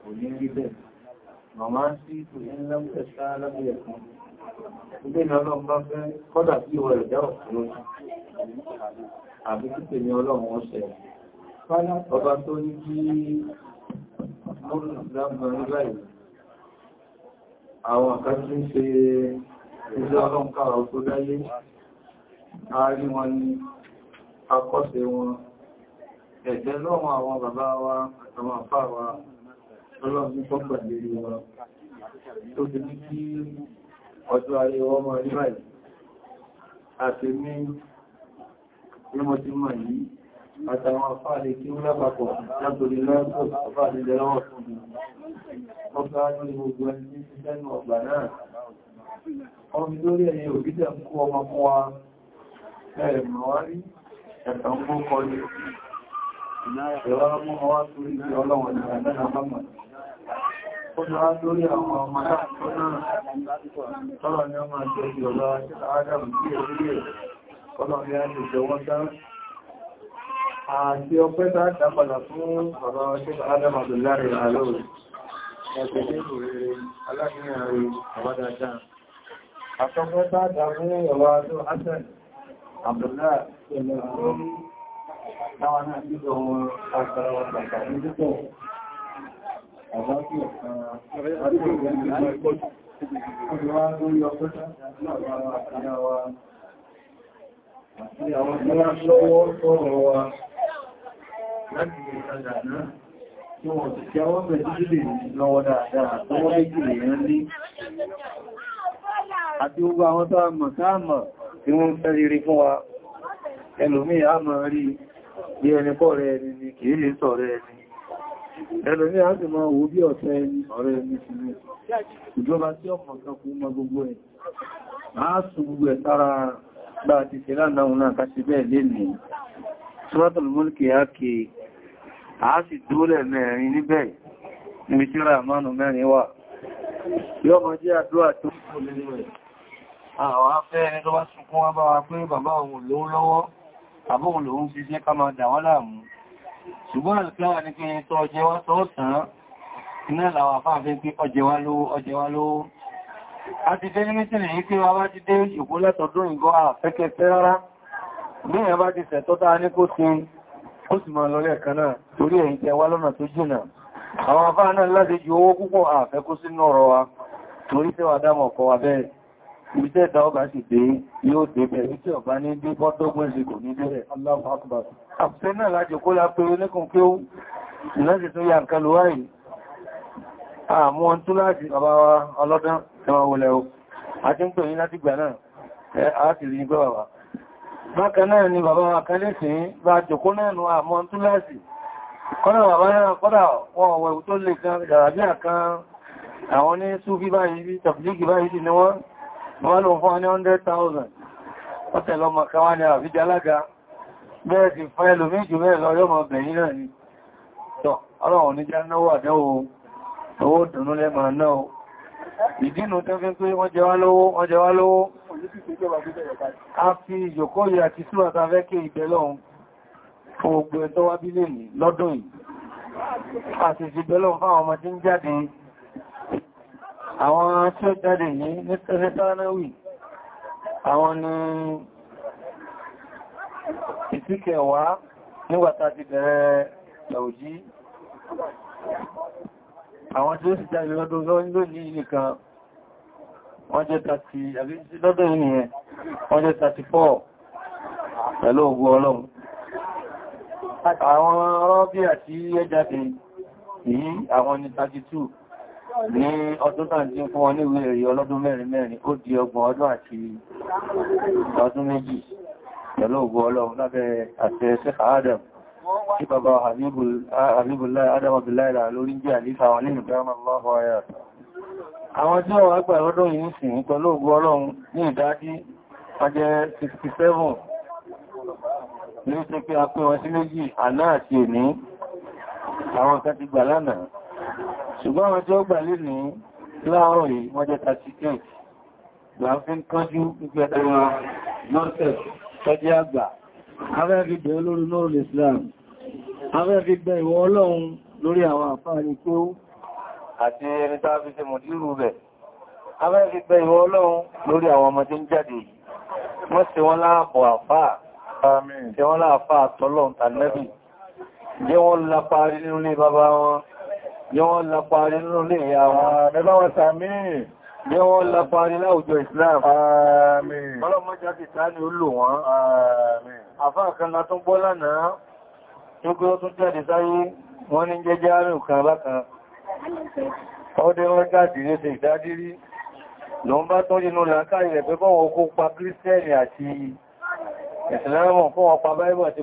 kò ní rí bẹ́ẹ̀ màmá sí kò ní lọ́pẹ̀ sáà lábẹ́ ẹ̀kan ilé ni ọlọ́run bá fẹ́ kọ́dà bí ìwọ̀ rẹ̀ jẹ́ òkúrò àbí títẹ̀ ní ọlọ́run ọ̀sẹ̀ ọba tó ní kí mọ́rùn-ún láìpẹ́ àwọn àkájú ń ṣe ilé ọlọ́run káwà tó dáyé àárí wọn ni akọ́ṣe wọn ẹ̀jẹ̀ lọ́wọ́ àwọn bàbá wa àwọn àfá wa ọlọ́run pọ́pà lérí wa tó ti ní kí ọjọ́ ayé wọ́n mọ̀ rí báyìí àti ní mímọ̀ tí mọ̀ yìí àtàwọn àfá lè kí ó lápapọ̀ látòrí lọ́pọ̀ àfá lè lọ́wọ́ fún mi ọgbà ní gbogbo ẹni tí lẹ́nu ọgbà náà ọmọ lórí ẹ̀yẹ ìrọ̀ mú ọwá sórí ti ọlọ́wọ̀n ní àgbẹ́nà mọ́mọ̀. Ó ní wá lórí àwọn ọmọ aláàkọ́ náà tọ́lọ̀ dá. fún bàbá ṣe Adam Abdullahi Alóòrì. Ẹgbẹ̀ ní ìròrè aláàkíyàn àwádájá táwọn náà tí ó wọ́n agbára wọn pàtà ní púpọ̀ àbájúọ̀ Láti ìrìnàjà náà tí wọ́n ti kí àwọn mẹ́rin sílè lọ́wọ́ dáadáa tó wọ́n lè jìlè yẹn ní àti gbogbo àwọn tó àmọ̀ sáàmọ̀ tí wọ́n fẹ́ rí fún wa bí ẹni kọ́ rẹ̀ ẹni ni kìí lè sọ rẹ̀ ẹni ẹ̀rọ ní àti máa wo bí ọ̀tẹ́ ẹni ọ̀rẹ́ ẹni sí ní ìjọba tí ọ̀pọ̀ kankan ma gbogbo ẹ̀ máa sùn gbogbo ẹ̀ sára bá ti ṣe láàdáhùn náà káṣí bẹ́ẹ̀ lè ní Suratul Mulk á kí a sì dúólẹ̀ mẹ́rin níbẹ̀ níbi tí àdúrà tó kò lè rẹ̀ àwọn afẹ́ ẹni tó bá sunkún wá bá wa pé bàbá òun lówó lọ́wọ́ àbóhùn lòun fi jẹ́ ká máa dà wọ́n láàmú ṣùgbọ́n àlùkíláwà ní pé tó ọjẹ́ wá tó tán iná làwà fáàfin pé ọjẹ́ wá lówó ọjẹ́ wá lówó a ti fẹ́ ní mítìnì yí pé wá wá ti dé ìkó látọ̀dún ìgọ́ àfẹ́kẹsẹ́ rárá bí ẹ̀ bá ti sẹ̀tọ́ tá ní kó sin ó sì máa lọ lẹ́ẹ̀kan náà torí ẹ̀yìn tẹ wá lọ́nà tó jìnà àwọn afáà náà láti ju owó púpọ̀ àfẹ́kó sínú ọ̀rọ̀ wa torí tẹ́wàá dámọ̀ ọ̀kọ̀ wa bẹ́ẹ̀ iṣẹ́ ìta ọba sì dé yóò dé bẹ̀rẹ̀ tí ọba ní bí bọ́dọ́gbọ́n sí kò ní bẹ̀rẹ̀ aláàbàkùbà àpùsẹ́ náà láti kó lápé oníkùn kí ó láti tún ya nǹkan ló wáyìí àmú wọn tún láti bàbá wa ọlọ́dán ẹwà wọlẹ̀ o àti ń pè ní láti gbà náà a sì rí gbẹ́ bàbá bákan náà ni bàbá wa kan lè sìn bá jòkó náà nù àmú wọn kọ́nà bàbá náà kọ́dà wọn ọ̀wẹ̀ tó lè kan yàrá bí àwọn ní súfí báyìí bí tàbílíkì báyìí ni wọ́n wọ́n lò fún ní 100,000 ọ̀tẹ̀ lọ mọ̀kánwà ní àfíjà alága bẹ́ẹ̀ ti fẹ́ lò méjì mẹ́rin lọ yọ́mọ̀ bẹ̀yìn náà ni tọ́ ọlọ́run ní já náwó àdẹ́wò owó dùnú lẹ́mà náà ìdínú tó fi pé wọ́n jẹ wá lówó wọ́n jẹ wá lówó a fi ìjòkóyè àti súrata fẹ́kẹ́ ìbẹ̀ lọ́hun fún gbogbo ẹ̀tọ́ wá lọ́dún yìí a sì fi bẹ́lọ́ fáwọn ọmọdé ń jáde àwọn tí ó jáde ní nítorí sánáwì àwọn ni ìtíkẹ̀wá nígbàtà ti bẹ̀rẹ̀ ẹ̀wòjí àwọn tí ó sì jáde lọ́dún lónìí nìkan wọ́n jẹ́ 30 àbí lọ́dún ìnìyàn wọ́n jẹ́ 34 pẹ̀lú ogun ọlọ́run àwọn ọ̀rọ̀ bí àti ẹjáde yìí àwọn ni 32 ní ọdún tàbí fún wọn níwé èrè ọlọ́dún mẹ́rin mẹ́rin ó di ọgbọ̀n ọdún àti ọdún méjì pẹ̀lú ògbò ọlọ́run lábẹ́ àtẹ́ẹsẹ́ Adam tí bàbá Habibullah Adam Abdullahi lórí jẹ́ àlífà wọn nínú dámà lọ́wọ́ ayà àwọn tí wọ́n gbà ọdún yìí sì ní pẹ̀lú ògbò ọlọ́run ní ìdájí ọjẹ́ 67 ní ó ṣe pé a pín wọn sí méjì àná àti òní ṣùgbọ́n àwọn tí ó gbà lè ní láàárọ̀ yìí wọ́n jẹ́ 38 gbà fi ń kánjú pípẹ́ ẹwà nọ́tẹ̀ tọ́jẹ́ àgbà abẹ́ Islam abẹ́ fi bẹ̀ ìwọ Ọlọ́run lórí àwọn àfáàrí pé ó àti ẹni tá fi ṣe mọ̀dírù rẹ̀ abẹ́ fi bẹ̀ ìwọ Ọlọ́run lórí àwọn ọmọdé ń jáde wọ́n ṣe wọ́n tọ́lọ̀ tàbí jẹ́ wọ́n lápá rí nínú ní bàbá wọn ni wọ́n lápari nínú ilé ìyá wọn ẹbá wọn Islam ọlọ́mọjá ti ta ní olù wọn àfáà kan la tún bọ́lá náà tó gbé ó tún jáde sáyé wọ́n ní jẹ́jẹ́ àrùn kan bákan ọdẹ wọ́n gáàdì ló ṣe ìdádírí lọ ń bá tún nínú làákàrí rẹ̀ pé kọ́wọ́ kó pa kírísítẹ́nì àti ìsìlámù kọ́wọ́ pa báíbù àti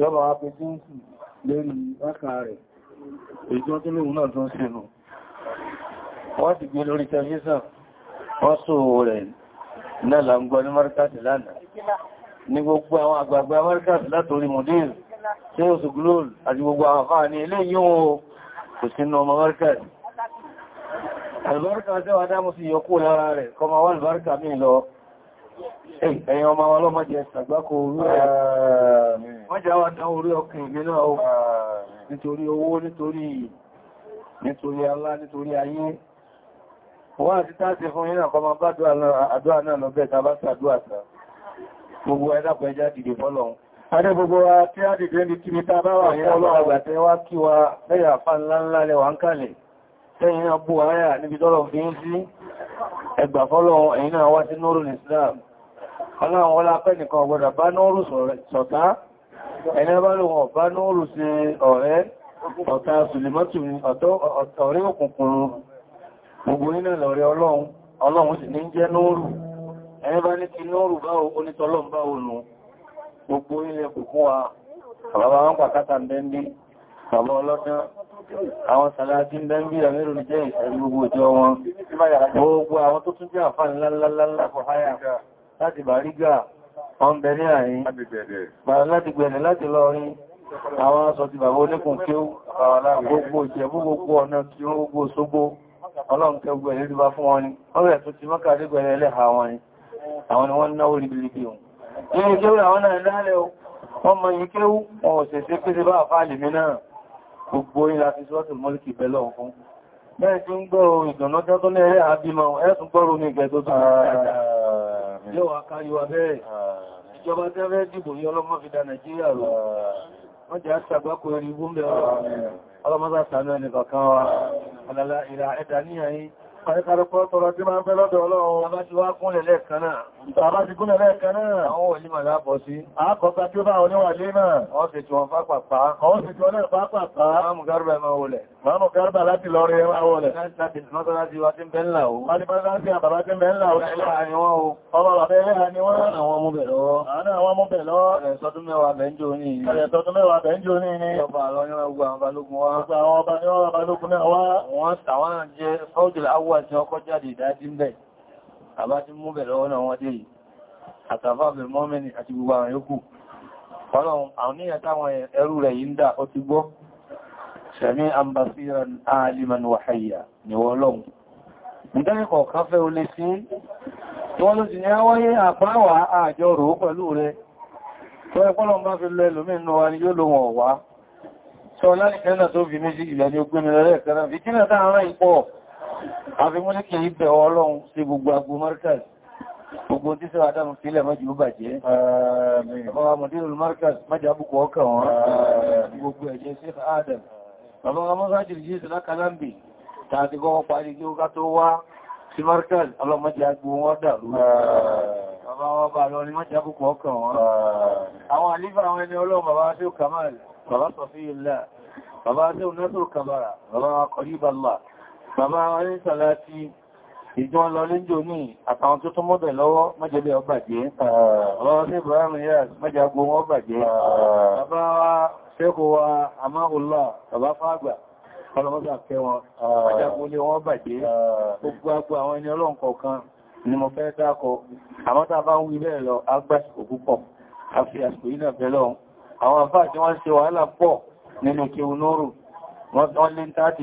yọba wá pé tí ń kù lórí rákà rẹ̀ èyí tó tí lóòun náà tó ń sinú wọ́n ti gbé lórí tẹ́lẹ́sàn wọ́n sọ rẹ̀ náà là ń gbọ́ ní markaz lánàá ní gbogbo àwọn àgbààgbà markaz látorí mọ̀dín tí ó sùgbùlòl àti gbogbo àwọn afáà ní ilé yíò kò sínú ọmọ markaz albarka tí wọ́n dá mú sí yọkó lára rẹ̀ kọmọ wọn albarka mi lọ ẹ̀yìn ọmọ wọn lọ́mọ jẹ ṣàgbákò orú ẹ̀ wọ́n jẹ́ àwọn orí ọkùn ìgbé náà ó nítorí owó nítorí nítorí nítorí ayé wọ́n àti táàtì fún yínà kọ bá àdúrà náà lọ bẹ́ẹ̀ tàbá sàdúrà gbogbo ẹ̀dàpọ̀ ẹjá dìde adé gbogbo wa tí a dìde ní kí ní wà wá kí wa lẹ́yà fa ńláńlá lẹ́wà ń kàlẹ̀ tẹ́yìn fi ń sí ẹgbà ẹ̀yìn náà wá ọlọ́run wọ́n lápẹ́ nìkan ọgbọ́dọ̀ bá nóòrù sọ̀tá ẹni bá lò wọ́n bá nóòrù sí ọ̀rẹ́ ọ̀tá sùlìmọ́tù ọ̀rẹ́ òkùnkùn gbogbo nínú lọ̀rẹ́ ọlọ́run ọlọ́run sì ní jẹ́ nóòrù ẹni bá ní ti nóòrù bá onítọ́lọ́m bá olù wa bàbá wọn pàkátà bẹ́ndí bàbá ọlọ́dán àwọn sàlájí ń bẹ́ndí àmẹ́rù jẹ́ ìṣẹ́lú gbogbo ìjọ wọn gbogbo àwọn tó tún jẹ́ àǹfààní ńláńláńlá fọ̀ háyà láti bàrígà wọ́n bẹ ní àárín láti gbẹ̀rẹ̀ láti lọ rí àwọn aṣọ ti bàbá oníkùn kí ó gbogbo ìjẹ̀bú gbogbo ọ̀nà kí ó gbogbo sógbó ọlọ́nkẹ́ gbogbo ìlú bá fún wọn ni wọ́n rẹ̀ tó ti mọ́kà dégbẹ̀rẹ̀ ẹlẹ́ha wọn ni àwọn ni wọ́n náwó ribiribi ohun nínú kéwú àwọn náà dálẹ̀ o wọ́n mọ yí kéwú wọn ò sèse pé sí bá àfáàlì mi náà gbogbo ìlà fi sọ́tù mọ́lìkì bẹ́lọ̀ fún bẹ́ẹ̀ tí ń gbọ́rọ̀ ìdùnnọ́jọ́ tó ní ẹ̀rẹ́ àbímọ̀ ẹ̀sùn gbọ́rọ̀ mi ìgbẹ̀ tó tó yóò wá kárí wa bẹ́ẹ̀ ìjọba tẹ́rẹ́ dìbò yí ọlọ́mọ́ fi dá Nàìjíríà rọ wọ́n jẹ́ àṣàgbákò erí gúnbẹ̀ ọlọ́mọ́sá sàánú ẹni kọ̀kan wa alàlà ìrà ẹ̀dà níyàí Àríkàrẹ́kọ́ tọrọ tí máa ń fẹ́ lọ́dọ̀ ọlọ́run. Bàbá ti wá kúnlẹ̀ lẹ́ẹ̀kan náà. Bàbá ti kúnlẹ̀ lẹ́ẹ̀kan náà. Àwọn wòlímà lábọ̀ sí. Àkọ́ta tí ó bá oníwà lé náà. Ọ́ sì tí wọ́n fá Mọ́mù Kárùbà láti lọ rí ẹwà wọlẹ̀. Mọ́sánásí wa ti ń bẹ́ ńlá o. ti ń bẹ́ o. Ẹlẹ́ha ni wọ́n o. Ọba bàbá ẹlẹ́ha ni wọ́n. Àwọn ọmọ bẹ̀ lọ. Àwọn ọmọ bẹ̀ lọ. Ẹ̀sọ́dún mẹ́wàá bẹ̀ ń jò ní. Ẹ̀sọ́dún mẹ́wàá bẹ̀ ń jò ní. Ọba àlọ́ ní ọgbà àwọn balógun wá. Ọba àwọn ọba ní ọba balógun náà wá. Wọ́n tàwọn jẹ́ fọ́jùlá awọ́ àti ọkọ̀ jáde ìdájí ń bẹ̀. Àbá ti mú bẹ̀ lọ́wọ́ náà wọ́n dé yìí. Àtàfà bẹ̀ mọ́mẹ́ni àti gbogbo àwọn yòókù. Ọlọ́run, àwọn níyàtàwọn ẹrú rẹ̀ yìí ń dà, ó ti ṣẹ̀mí àmbàfíra aliman wàhayà ni wọ́lọ́n nítorí kọ̀ọ̀kan fẹ́ olé sí wọ́n ló ti ní àwáyé àpáwà àjọ rò pẹ̀lú rẹ̀ tó ẹpọ́lọ́n bá fi lọ ẹlòmínú wa ni yóò lò wọ̀n wá sọ lálìkẹ́nà tó fi méjì ìlẹ̀ ni ó gbé mi lọ́rẹ́ ìkẹ́rẹ́ fi mọ́jú ó bàjẹ́ ọmọdé olùmarkaz mọ́jú gbogbo ẹ̀jẹ̀ sí Adam bàbá ọmọ sájìrì jíìsì lákàlámbì tàbí gọ́wọ́ parí kí ó ká tó wá sí markaz ọlọ́mọdé agbó wọ́n dàrú bàbá wọn bá lọ ní mọ́já púpọ̀ ọkàn wọn àwọn àlífà àwọn ẹni ọlọ́run bàbá tí ó kamal bàbá sọfíìlá bàbá tí ó násòrò kabara bàbá kọlíballah bàbá wọn ní sàláti ìjọ lọ lẹ́jọ ní àtàwọn tó tó mọ́bẹ̀ lọ́wọ́ mọ́jẹ̀lẹ̀ ọbàjẹ́ ọlọ́wọ́ sí ibrahim yaz mọ́jẹ̀ agbó wọn bàjẹ́ ṣẹ́kọ̀ wa àmáhùlá bàbá fàgbà ọlọ́mọ́sà kẹwọn àjákò ní wọ́n bàjẹ́ gbogbo agbó àwọn ẹni ọlọ́run kọ̀ọ̀kan ni mo fẹ́ dákọ̀ àmọ́ta bá ń wí bẹ́ẹ̀ lọ agbáṣìkò púpọ̀ àfi àsìkò yìí náà bẹ́ẹ̀ lọ́hun àwọn àfáà tí wọ́n ṣe wàhálà pọ̀ nínú kéwú nóòrù wọ́n lé ń tààtì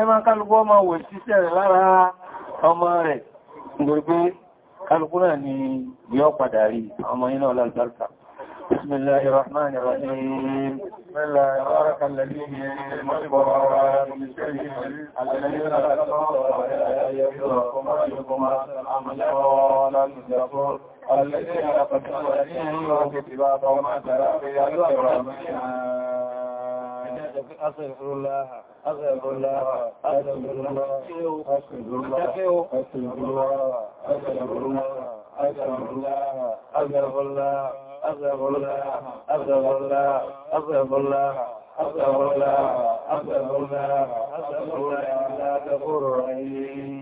ẹmà kálùkù ọmọ wò síṣẹ́ rẹ̀ lára ọmọ rẹ̀ gbogbo kálùkù náà ni yọ padà rí ọmọ iná ọlọ́gbàrkà بسم الله الرحمن الرحيم بسم الله تبارك الذي الملك والرحمن من شيء الذي لا يضر ولا يضركم ربكم الامر ولا الجبر الذي لقد عليه وكتبه وما ترى في الله أستغفر الله أذهب الله أذهب الله أسجد الله أسجد الله أذهب الله أذهب الله أذهب الله أذهب الله أذهب الله أذهب الله أذهب الله أذهب الله أذهب الله لا تقر عيني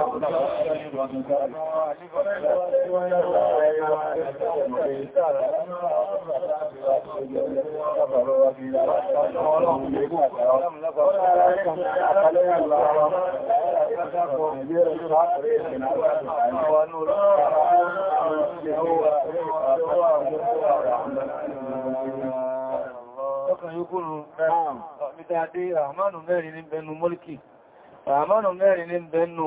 Ọkàn yóò kúrò ẹ̀rùn, ọ̀mítà dé, àmánù mẹ́rin ní bẹnu mọ́lìkì, àmánù mẹ́rin ní bẹnu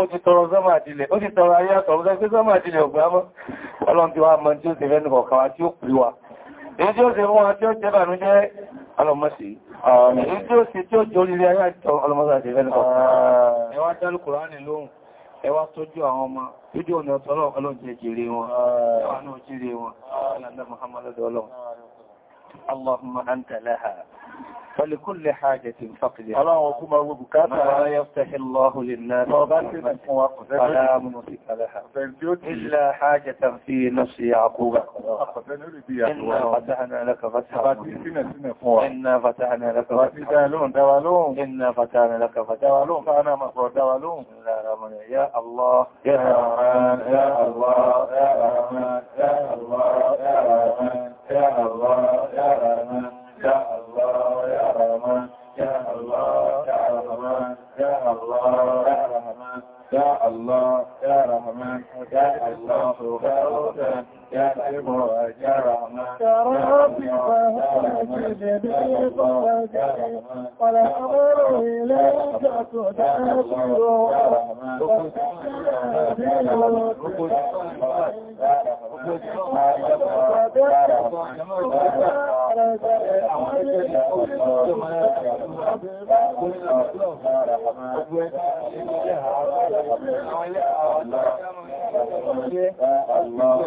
ó ti tọrọ sọ́mà àdílẹ̀ ó ti tọrọ ayé àtọ̀rọ̀ sọ́mà sọ́mà àdílẹ̀ ògbà mọ́ ọlọ́run ti wá mọ́ tí ó ti fẹ́ nìkọ̀ọ̀kan wá tí ó pè wá èyí tí ó ṣe fún wa tí ó jẹ́ bànújẹ́ ọlọ́mọ́sí èyí tí ó ṣe tí ó jẹ́ orílẹ̀ ayé ẹwà jálù àwọn ọmọ lójú ọ̀nà ọ̀tọ́lọ́ ọlọ́jẹ́ jèrè wọn ẹwà náà jèrè wọn فلكل حاجة فقد الله وكما هو بكاتا ما يفتح الله للناس فلا سلام لها إلا حاجة في نفس يعقوب إنا فتحنا لك فتحا إنا فتحنا لك فتحا إنا فتحنا لك فتحا فأنا يا الله يا الله يا الله يا رحمن يا الله يا رحمن يا الله يا رحمن يا الله يا رحمن يا الله يا رحمن يا الله يا رحمن يا الله يا رحمن يا الله يا رحمن يا المرجى رحمة يا رب فهاجد بفرج والأمر إليك تدافر الله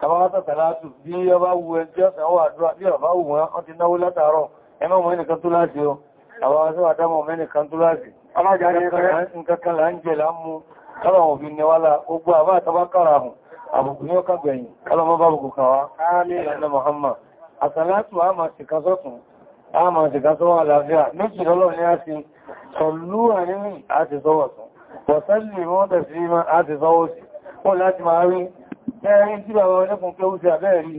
kàbáwátà tàlátù bí ọba wu ẹjọ́ ẹwọ́ àdúrà bí ọba wù wọn ọ ti náwó látàárọ̀ ẹmọ́ mọ́ ẹnìkan tó láti ọ àwọ́wọ́sọ́ àdámọ̀ mẹ́nìkan tó láti nǹkan là ń jẹ là ń mú kọ́lọ̀ òfin ni wálá ogbó àbá àtàbá kára hùn àbùkù ní ọkà gbẹ̀yìn kọ́lọ̀ mọ́ bá bùkù kan wá ẹ̀lẹ́nà Muhammad àsàlátù a máa ṣìkà sọ́tún a máa ṣìkà sọ́wọ́ àlàáfíà méjì lọ́lọ́ ní a ti a ti sọ́wọ́ a ti ẹ̀rin tí bàbá ẹlẹ́kùn kéwú sí àbẹ́ẹ̀rí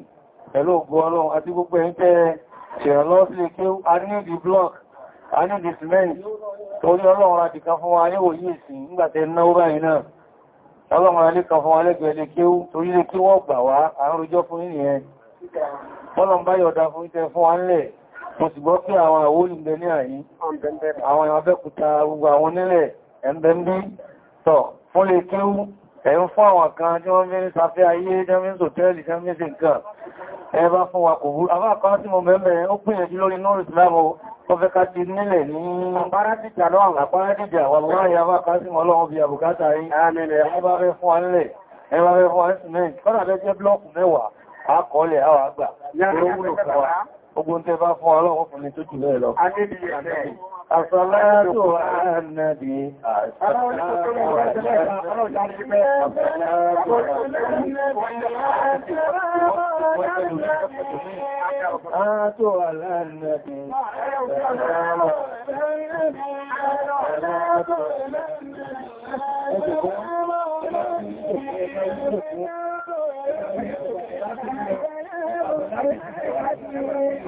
pẹ̀lú ògùn ọlọ́run àti gbogbo ẹ̀yìn tẹ́ ṣèrànlọ́ sí kéwú a ní ìdí block a ní ìdí cement torí ọlọ́run àti kan fún wa yíwò yìí sí nígbàtẹ́ náwó báyìí náà ọlọ́run alẹ́ kan fún wa lẹ́gbẹ̀ẹ́ lè kéwú torí lè kí wọ́n gbà wá à ń rojọ́ fún yìí yẹn ọlọ́run bá yọ̀dá fún ìtẹ́ fún wa ńlẹ̀ mo sì gbọ́ pé àwọn àwó ìgbẹ́ ní àyí àwọn ìwọ̀n abẹ́kúta gbogbo àwọn nílẹ̀ ẹ̀ńbẹ́ńbí tọ̀ fún lè kéwú ẹ̀yìn fún àwọn kan tí wọ́n mẹ́rin sàfẹ́ ayé jẹ́mí sòtẹ́lì jẹ́mí sí nǹkan ẹbá fún wa kò bú àbákan tí mo mẹ́mẹ́ ó gbìyànjú lórí nóòrì ìsìlámù ọfẹ́ká ti nílẹ̀ ní àpárátìjà lọ́wọ́n àpárátìjà wà láàrin àbákan sí mọ́ lọ́wọ́ ogun tẹ bá fún ọlọ́run fún ní tó jù lẹ́ lọ. Àṣàlátò ànàbí àṣàlátò ànàbí Thank you.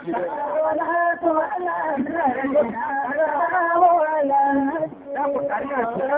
Thank you.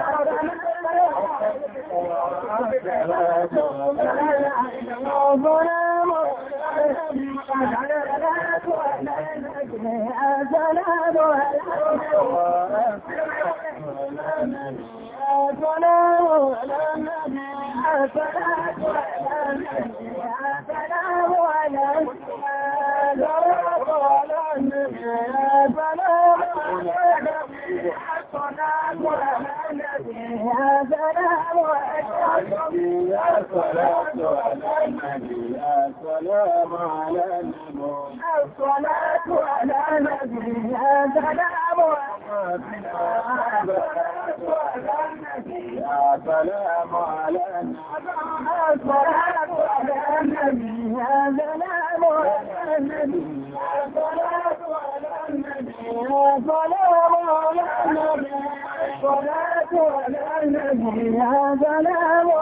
يا يا سلام السلام على النبي الصلاة على نبينا سلام سلام على الصلاة على النبي سلام على النبي سلام على النبي سلام على النبي سلام على النبي سلام على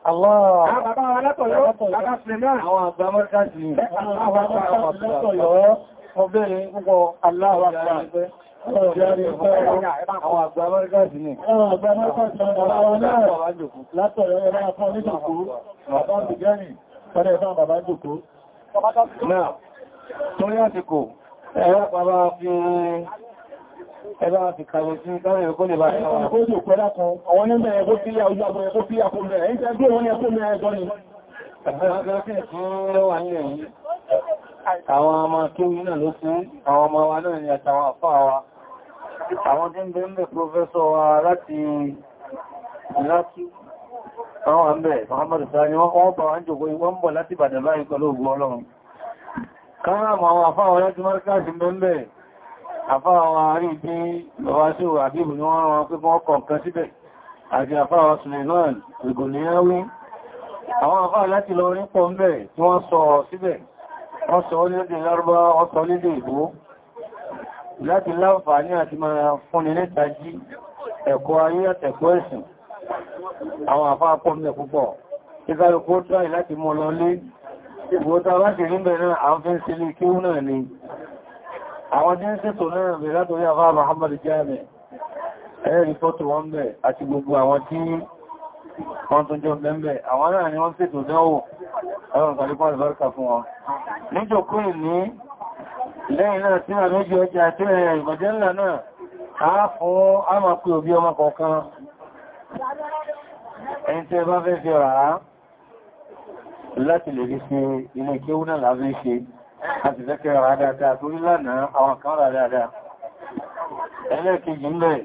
Ọbẹ̀rin púpọ̀ aláwọ̀ àpapọ̀ àwọn àgbà Amẹ́ríkàsì ni. Àwọn àgbà Amẹ́ríkàsì ni àwọn náà látọ̀rọ̀ ẹ̀rọ àpọ̀ nítòkó, ni. Bìgẹ́rì, pẹ̀lẹ̀ ìfẹ́ bàbá jòkó. Náà, tó yá ti kò, ẹ̀rọ ẹ̀bá fi kàwẹ̀ sí káwọn ẹ̀kọ́ lè bá ṣọ́wọ́. Ó jù pẹ́lá kan, àwọn nígbà ẹ̀kọ́ sí àwọn ọjọ́ ẹ̀kọ́ sí àkó mẹ́rẹ̀, ẹ̀yìn tẹ́ bí wọ́n ní ẹ̀kọ́ mẹ́rẹ̀ gọ́ ni. Àwọn ọmọ kí ní náà ló fún àwọn ọmọ wa náà ni àtàwọn àfá wa. Àwọn tí ń bẹ ń bẹ pòfẹ́sọ wa láti láti àwọn àmì Muhammadu Sani wọ́n kọ́ bá wọ́n jòkó ìwọ́n bọ̀ láti Ìbàdàn báyìí pẹ̀lú ògbó Ọlọ́run. Káàmù àwọn àfá wa láti Márkà àfáà wọn rí pé lọ́wọ́ sí ò àbíbù ní wọ́n rán pé wọ́n kọ̀ nǹkan síbẹ̀ àti àfáà wọn Suleiman ìgòníyàwó àwọn àfáà láti lọ rí pọ̀ mẹ́ tí wọ́n sọ síbẹ̀ wọ́n sọ lédè lárúbá wọ́n sọ lédè ìbò láti láǹfààní àti máa fúnni níta jí ẹ̀kọ́ ayé àtẹ̀kọ́ ẹ̀sìn àwọn àfáà pọ̀ mẹ́ púpọ̀ ìgbàlùkú ó tráì láti mọ́ lọ lé ìgbòta láti rí bẹ̀rẹ̀ àwọn jẹ́ ṣètò náà rẹ̀ látọrí àfá Muhammad Jami ẹ̀rì fọ́tò wọ́n bẹ̀ àti gbogbo àwọn tí wọ́n tó jọ bẹ̀m̀bẹ̀ àwọn náà ni wọ́n ṣètò dánwò ẹwọ̀n kàlípọ̀ àlùbáríkà fún wọn níjọkún ní lẹ́yìn náà tí a méjì a fún a máa pè òbí ọmọ kọ̀ọ̀kan ẹni tí àti zẹ́kẹ̀rẹ̀ àdáadáa tó nílànàá àwọn kan rà dáadáa. Ẹlẹ́ẹ̀kejì ń lẹ̀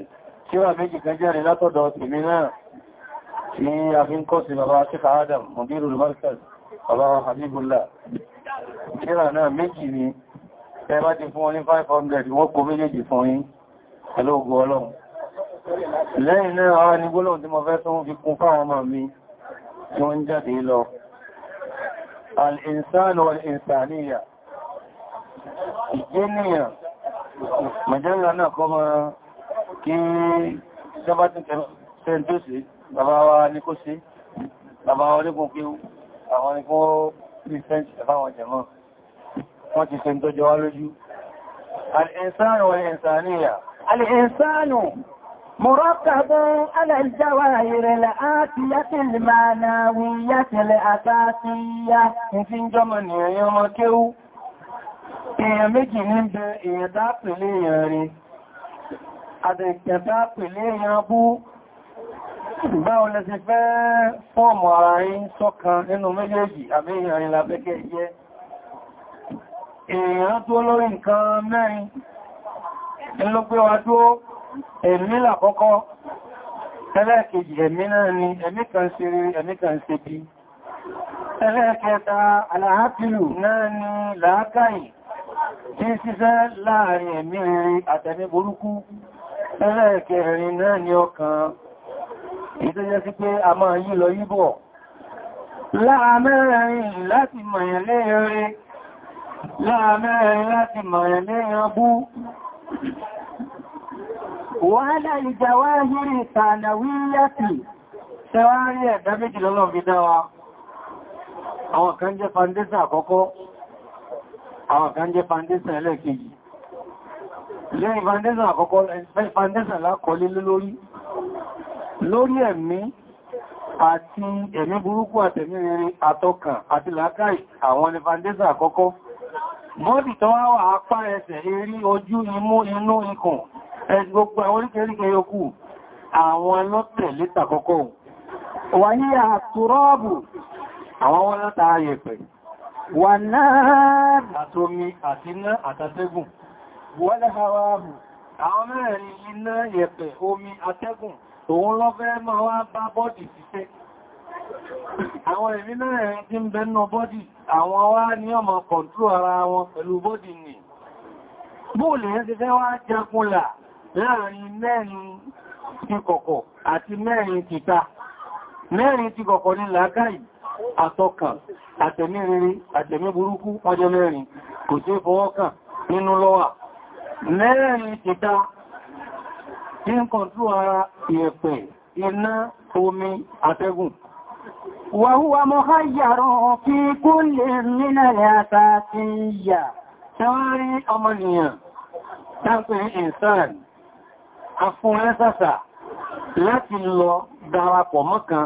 tí wà méjì kan jẹ́rẹ̀ látọ̀dọ̀ tèmi náà tí a fi ń kọ́ sí bàbá Ṣíkà Adam, Mùdírù Markaz, bàbá Habibullah. Tíra náà méjì ni ẹ bá ti fún wọn ní 500 wọ́n kó méjèèjì fún yín pẹ̀lú ogun ọlọ́run. Lẹ́yìn náà wá ní gbólóhùn tí mo fẹ́ tó ń fi kún fáwọn ọmọ mi tí wọ́n ń jáde lọ. Al-insanu wal-insaniya ìjẹ́nìyàn mẹ̀jẹ́nà náà kọ́ mọ́ kí jọba tí tẹ́ntọ́sí bàbá wa ní kó sí bàbá wa onígun pé àwọn ikú christians ẹ̀fáwọn jẹ̀mọ́ wọ́n ti tẹ́ntọ́ jọ wá lójú al-insanu wal-insaniya al-insanu مركب على الجواهر الآتية المعنوية الأساسية في جمع يوم كيو èèyàn méjì ní ń bẹ èèyàn dápìlé èèyàn rí àdẹ̀kẹta pìlé èèyàn bú báwọn lẹ ti fẹ́ fọ́ọ̀mù ara yín sọ́kan nínú méjèèjì àbí èèyàn rí lábẹ́kẹ́ jẹ́ èèyàn tó lórí nǹkan mẹ́rin ló pé wa tó ẹ̀mí làkọ́kọ́ ẹlẹ́ẹ̀kejì ẹ̀mí náà ni ẹ̀mí kan ṣe rí ẹ̀mí kan ṣe bí ẹlẹ́ẹ̀kẹta aláhátìlù náà ni làákàyè tí ṣiṣẹ́ láàrin ẹ̀mí rere àtẹ̀mí burúkú ẹlẹ́ẹ̀kẹrin náà ni ọkàn èyí tó jẹ́ sí pé a máa yí lọ yíbọ̀ láàmẹ́rin láti mọ̀yàn lẹ́ẹ̀rẹ́ láàmẹ́rin láti mọ̀yàn lẹ́ẹ̀rẹ́ bú wàhálà ìjàwá yìí tànàwíyàtì àwọn kan jẹ́ foundation àkọ́kọ́ àwọn kan jẹ́ foundation ẹlẹ́ẹ̀kejì lẹ́yìn foundation àkọ́kọ́ foundation lákọlé lórí lórí ẹ̀mí àti ẹ̀mí burúkú àtẹ̀mí rere àtọkàn àti làákàì àwọn ni foundation àkọ́kọ́ bọ́dì tó wá wà apá ẹsẹ̀ eré ojú imú inú ikùn ẹ̀sì gbogbo àwọn oríkèríkè yòókù àwọn lọ́tẹ̀lẹ́tàkọ́kọ́ wáyé àtúrọ́ọ̀bù àwọn wọ́n látàá yẹ̀pẹ̀ wà náà àtomi àti iná àtàtẹ́gùn wọ́lẹ̀ hawaahù àwọn mẹ́rin iná yẹ̀pẹ̀ omi atẹ́gùn òun lọ fẹ́ máa wá bá bọ́dì ṣiṣẹ́ àwọn ẹ̀mí mẹ́rin tí ń bẹ́nu bọ́dì àwọn wá ní ọmọ kọ̀ntró ara wọn pẹ̀lú bọ́dì nì bóòlù yẹn ti fẹ́ wá jagunlà láàrin mẹ́rin ti kọ̀kọ̀ àti mẹ́rin ti àtọkàn àtẹ̀mí rere àtẹ̀mí burúkú ọjọ́ mẹ́rin kò tí fọwọ́kàn nínú lọ́wà mẹ́rin títà tí ń kọ̀ntú ara ìyẹ̀pẹ̀ iná omi àtẹ́gùn wàhúwa mọ́ háyàrọ̀ fi kú lè mínàlẹ̀ àtàkìyà tẹ́wárí ọmọnìyàn tápẹ̀ ìsàn afúnrẹ́sàsà láti lọ darapọ̀ mọ́kàn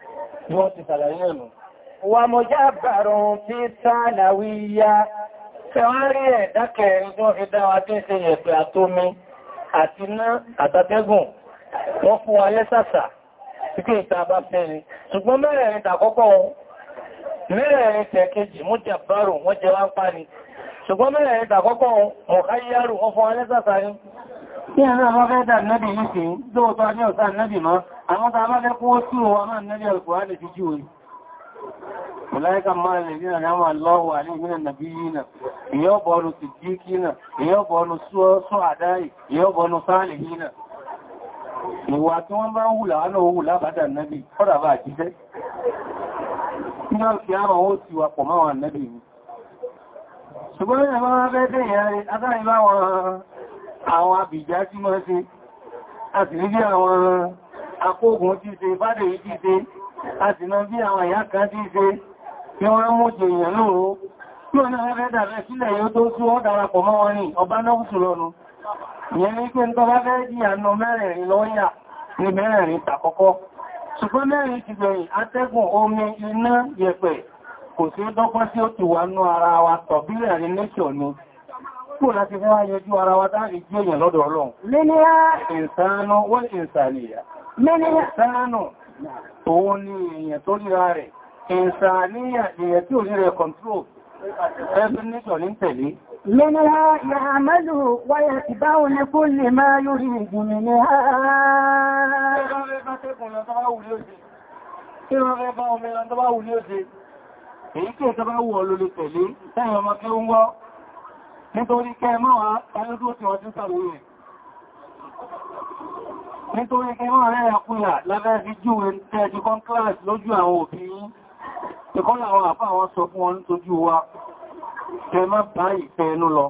bí wọ́n ti sàlàyé ẹ̀nù. Wà mọ̀ já bàrùn tí sánàwíyá, tẹwárí ẹ̀dá kẹrin tó fi dáwà tí ṣe yẹ̀pẹ̀ àtómi àti iná àtàtẹ́gùn, wọ́n fún wa lẹ́sàsà, pípé ìta bá fẹ́rin. Ṣùgbọ́n mẹ́rẹ̀ẹ̀rin tàkọ́kọ́ mẹ́rẹ̀ẹ̀rin tẹ̀kejì mú jà bàrùn wọ́n jẹ wá ń pa ni. Ṣùgbọ́n mẹ́rẹ̀ẹ̀rin tàkọ́kọ́ mọ̀káyárù wọ́n fún wa tí ẹ̀rọ ọlọ́fẹ́dà nẹ́bì yìí sí lóòtọ́ ní ọ̀sá nẹ́bì mọ́ àwọn tàà bá lẹ́kún ó tí òwà máa nẹ́bì alkùnrin lè jíjú orí mùláíkà máa lè ní àwọn alọ́wọ̀ àríwínà nàbí yìí ìyọ́bọ̀nù tìjíkínà ìyọ́bọ̀nù sọ́ọ̀sọ́ àdáyì ìyọ́bọ̀nù sáàlì yìí náà ìwà tí wọ́n bá ń hùlà ánà òhù lábádà nẹ́bì fọ́dà bá jíṣẹ́ náà kí á máa ó ti wà pọ̀ máa wà nẹ́bì yìí ṣùgbọ́n àwọn abìjá tí mọ́ sí àti ní bí àwọn akógun tí ṣe fádẹ̀ yìí tí ṣe àti náà bí àwọn ìyá kan tí ṣe tí wọ́n mú jẹ èèyàn lóòrò tí ó náà rẹ̀ dàrẹ́ sílẹ̀ yóò tó sí darapọ̀ mọ́ wọn ní ọba náà di kò sí ó dọ́gbọ́n sí ó ti wà kò láti fẹ́ ayọjú ara wa dáàrí jí èèyàn lọ́dọ̀ ọlọ́run lẹ́nìyà ìsànà wọ́n ìsànìyà lẹ́nìyà ìsànà òun ni èèyàn tó ríra rẹ̀ ìsànìyà èèyàn tí ò ní rẹ̀ kọ̀ntró ẹgbẹ́nìṣọ̀ ní tẹ̀lé lẹ́nìyà ìhàmẹ́lù wáyà ìbáwọn ní kó lè máa lórí ìgbìmì ní ààrẹ nítorí kẹ mọ́wàá tàbídúró tí wọ́n ti sàrò rẹ̀ nítorí kẹ mọ́wàá rẹ̀ àkúyà lábẹ́ fi jú ẹjú kan class lójú àwọn òbí ìkọ́lá àwọn àpá àwọn sọ fún wọn tójú wa kẹ má bá ìfẹ́ ẹnu lọ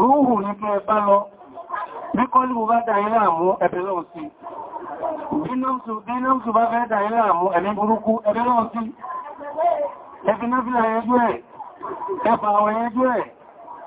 rúhù ní kẹ bá lọ bí kọ́lù bá dáyílá àmú ẹ̀bẹ̀ lọ́n sí bí nọ́msù bá fẹ́ dáyílá àmú ẹ̀mí burúkú ẹ̀bẹ̀ lọ́n ẹ̀ ẹ̀fà àwọn ẹjú ẹ̀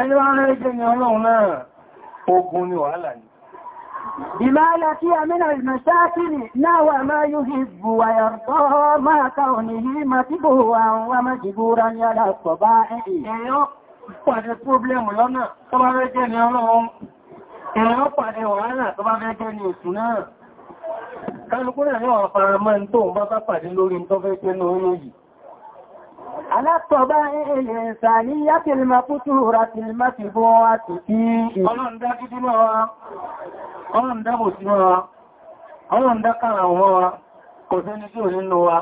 ẹni wọ́n rẹ̀ jẹ́ ni ọlọ́run náà ogun ni wàhálà ni ìmáàlá tí a mínà ìmọ̀ṣáàkìrì náà wà máa yóò fi bùwà yàtọ̀ máa ta òní yìí máa tí bò àwọn wà máa jìgbó ra ní ara ọ̀pọ̀ bá ẹ̀yìn ẹ̀yọ́ pàdé على الطبائع الإنسانية المقتورة المكبوعة فيه ọlọ́run dá gidi mọ́ wa ọlọ́run dá kò sí mọ́ wa ọlọ́run dá kára mọ́ wa kò sẹ́ni tí ò nínú wa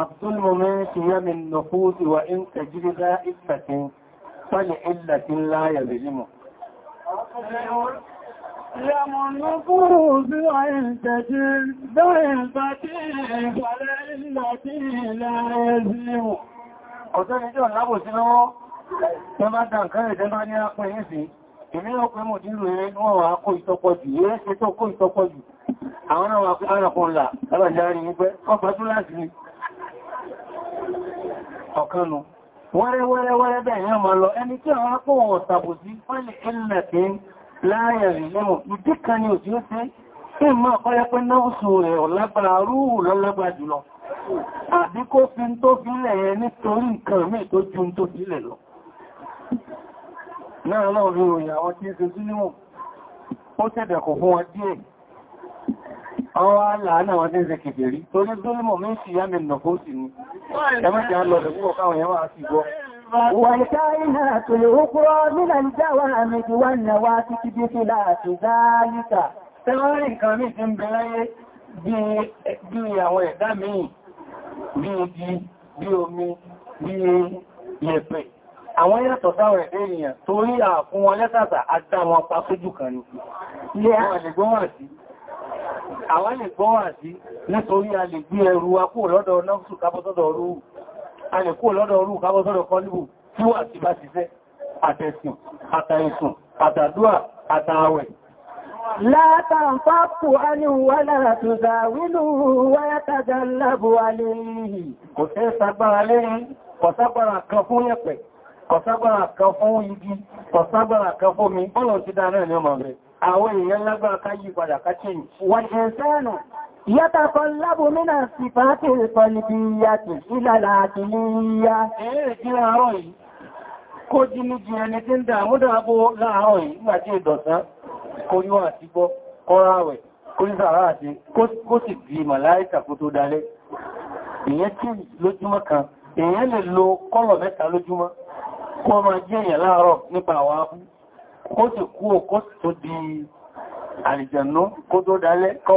الظلم من سيام النفوس وإن تجد ذا إفة فلعلة لا يظلمه يمن فوز عندك ضعفتي فلعلتي لا يزيم ọ̀tọ́ni tí ọ̀nà àbòsí lọ́wọ́ tẹ bá dá nǹkan ẹ̀dẹ́ bá ní àpọ̀ ẹ̀yẹ́ sí ìní ọkùn mọ̀ dínú ẹ̀ ní wọ́n wà kó ìtọpọ̀ jù yẹ́ ṣe tó kó ìtọpọ̀ jù àwọn náà wà kún àrẹ̀kùn ńlá lábàjárí wípẹ́ ọba tó láti rí ọ̀kanu wẹ́rẹ́wẹ́rẹ́wẹ́rẹ́ bẹ̀rẹ̀ láàrin ìlẹ́mù ìdí kan ni òjú sí tí mọ́ ọ̀pọ̀lẹ́ pé náwùsù rẹ̀ ọ̀lágbàra rúù lọ́lọ́gbà jùlọ àbí kó fi ń tó fílẹ̀ yẹn nítorí nǹkan mí tó ju ń tó fílẹ̀ lọ náà lọ́wọ́ rí òyìn àwọn tí ń ṣe sílímù ó tẹ́bẹ̀kọ̀ fún wọn díẹ̀ ọwọ́ aláàánà wọn tí ń ṣe kèfèrí torí sílímù mí sì yá mi nà fó sí ni ẹmẹ́kẹ́ á والكائنات الأخرى من الجوامد والنواتك بخلاف ذلك تبارك مثل بلاي bí àwọn ẹ̀dá míì bí igi bí omi bí yẹ̀pẹ̀ àwọn yàtọ̀ sáwọn ẹ̀dẹ́ ènìyàn torí àfún wọn lẹ́sàtà àdá wọn kan ní àwọn lè sí nítorí a lè gbé ẹrù wa lọ́dọ̀ náà sùkápọ̀ sọ́dọ̀ a lè kúrò lọ́dọ̀ orú kábọ́ sọ́dọ̀ kọlùbù tí wà sí bá ṣiṣẹ́ àtẹ̀sùn àtàìsùn àtàdúà àtàwẹ̀ látàǹfààpù aníwọ́lá tùzàwínú wáyátàjálàbù aléyìí kò tẹ́ sagbára lẹ́yìn kọ̀ságbára kan fún yẹ̀pẹ̀ kọ̀ságbára kan fún igi kọ̀ságbára kan fún mi bọ́lọ̀ ti dára ní ọmọ rẹ̀ àwọn èèyàn lágbára ká yí padà ká change wọ́n jẹ́ sẹ́nà Yàtàkọ̀lábò mínà sí fàákì ìkọlìbí yàtì ìlàlà àti níyà. Ẹ̀rẹ́ tí àárọ̀ yìí, kó jí ní jí ẹni tí ń dà múdà bó láàárọ̀ yìí nígbàtí ìdọ̀sán, kó yíwà àti gbọ́, kọ́rá àwẹ̀, kó ní sàárá àti kó sì kan, èyẹ́ lo kọ́lọ̀ mẹ́ta lójúmọ́, kó máa jẹ́ èyàn láàárọ̀ nípa àwọn abú, kó sì kú ò kó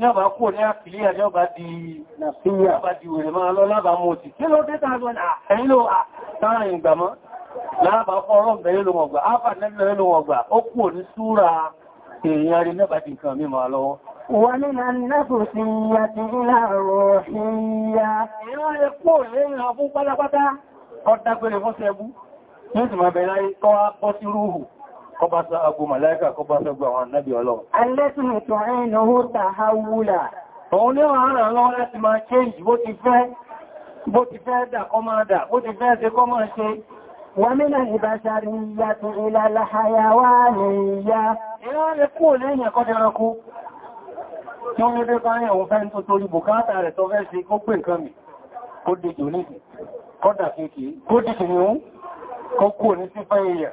ní ọba kú ní àkìlí àjọ bá di nàfíyà máa lọ lábàá mọ́ ti tí ló dẹ́ta àjọ àìlò àtàrà ìgbàmọ́ lábàá fọ́rọ̀ bẹ̀rẹ̀ ló mọ̀gbà áfà nẹ́bẹ̀rẹ̀ ló ó kú ní súra èèyàn rí nẹ́bàá di nǹkan mímọ̀ lọ́wọ́ ومن النفسية ní kọba sá agbó màláíkà kọba sá gbà àwọn annabi ọlọ́run. alẹ́sìn ètò ẹ̀nà ó ta haúlà. òun ní wọ́n rán lọ́wọ́ láti máa change bó ti fẹ́ bó ti fẹ́ dà kọ́ máa dà bó ti fẹ́ ṣe kọ́ máa ṣe wọ́n mílẹ̀ ìbáṣàrí ìyá tó ilá ní ìyá kọ́dà kéèkì kó dìjò ní ó kó kúrò ní sífẹ́ èèyàn